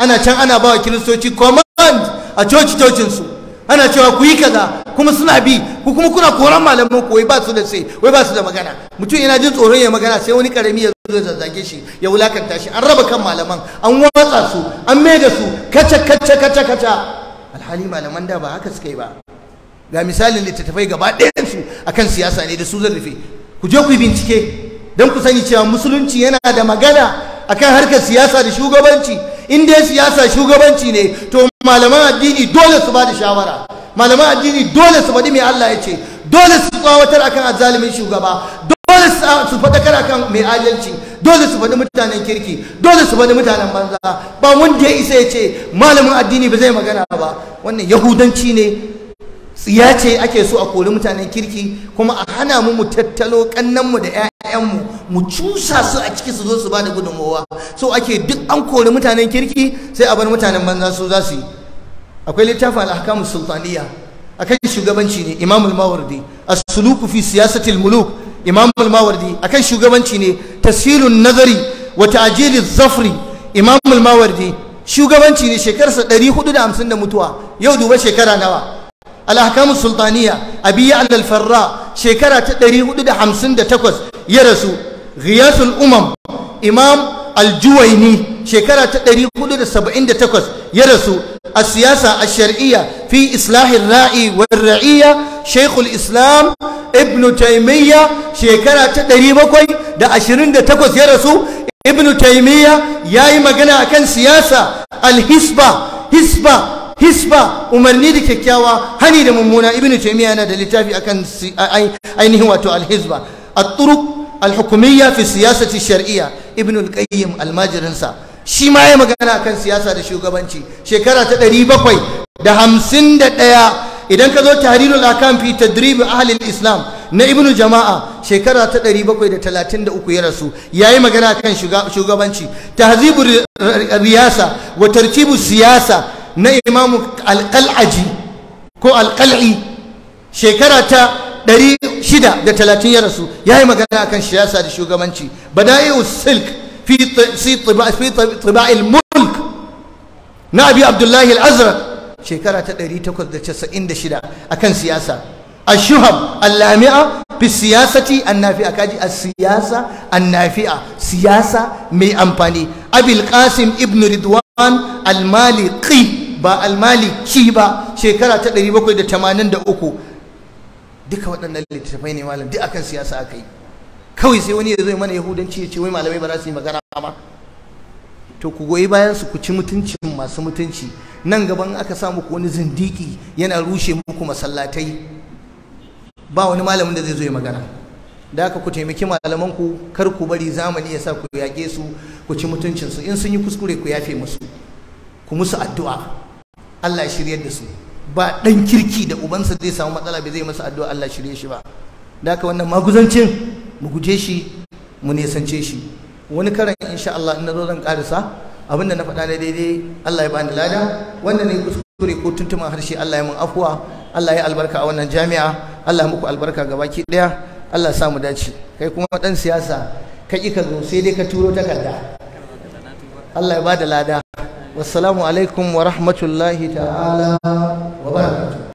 ana can ana bawa wa kiristoci command a coci cocinsu ana cewa ku yi kaza kuma suna bi ku kuma kuna koran malaman ku wai ba su da sai wai ba su da magana mutum yana jin tsoron ya magana sai wani karami ya zo zazzage shi ya wulakanta shi an raba kan malaman an watsa su an maida su kaca kaca kaca kaca alhali malaman da ba haka suka yi ba ga misalin littattafai gaba ɗayan su akan siyasa ne da su zan rufe ku je ku yi bincike don ku sani cewa musulunci yana da magana akan harkar siyasa da shugabanci in dai siyasa shugabanci ne to malaman addini dole su ba da shawara malaman addini dole su faɗi mai Allah ya ce dole su tsawatar akan azalimin shugaba dole su faɗakar akan mai adalci dole su faɗi mutanen kirki dole su faɗi mutanen banza ba wanda ya isa ya ce malamin addini ba zai magana ba wannan yahudanci ne ya ce ake so a kori mutanen kirki kuma a hana mu mu tattalo kannanmu da 'ya'ya 'ya'yanmu mu cusa su a ciki su zo su ba da gudunmowa so ake duk an kori mutanen kirki sai a bar mutanen banza su za su yi akwai littafin al'akamun sultaniya a kan shugabanci ne imamul al-mawardi a suluku fi siyasatil muluk imam al a kan shugabanci ne tasirin nazari wa ta'jilil zafri imamul al-mawardi shugabanci ne shekararsa ɗari 450 da hamsin da mutuwa yau duba shekara nawa al'akamun ahkamu sultaniya abiya al-farra shekara ta ɗari da da hamsin takwas. ya rasu ghiyasul umam imam aljuwaini shekara ta 478 ya rasu a siyasa a shari'a fi islahin ra'i wa ra'iyya islam ibn taimiyya shekara ta 728 ya rasu ibn taimiyya ya yi magana a kan siyasa alhisba hisba hisba umarni da kyakkyawa hani da mummuna ibn taimiyya yana da littafi akan ainihin wato alhisba a turuk al ya fi siyasati shar'iyya ibn al-qayyim almajirinsa shi ma ya magana kan siyasa da shugabanci shekara ta ɗari bakwai da hamsin da ɗaya idan ka zo tahrirul akam fi tadrib ahli islam na ibn jama'a shekara ta ɗari bakwai da talatin da uku ya rasu ya yi magana kan shugabanci tahzibu riyasa wa tartibu siyasa na imamu alƙal'aji ko alƙal'i shekara ta ɗari shida da talatin ya rasu ya yi magana akan siyasa da shugabanci bada'i'u silk fi tiba'il mulk na abi abdullahi al-azraq shekara ta 896 akan siyasa ashuham al-lami'a fi siyasati annafi'a kaji as-siyasa annafi'a siyasa mai amfani abil qasim ibn ridwan al-maliki ba al-maliki ba shekara ta 783 duka waɗannan littattafai ne malam duk akan siyasa aka yi kawai sai wani ya zo mana yahudanci ya ce wai malamai ba za su yi magana ba to ku goyi bayan su ku ci mutuncin masu mutunci nan gaban aka sa muku wani zindiki yana rushe muku masallatai ba wani malamin da zai zo ya magana da haka ku taimaki malaman ku kar ku bari zamani ya sa ku yaƙe su ku ci mutuncin su in sun yi kuskure ku yafe musu ku musu addu'a Allah ya shiryar da su ba ɗan kirki da ubansa zai samu matsala bai zai masa addu'a Allah shirye shi ba da haka wannan maguzancin mu guje shi mu nesance shi wani karan insha Allah in zo zan karisa abinda na faɗa na daidai Allah ya bani lada wanda ne kuskure ko tuntuman harshe Allah ya mun afuwa Allah ya albarka a wannan jami'a Allah muku albarka gabaki ɗaya Allah sa mu dace kai kuma ɗan siyasa ka ƙi ka zo sai dai ka turo takarda Allah ya bada lada wassalamu alaikum wa rahmatullahi ta'ala wa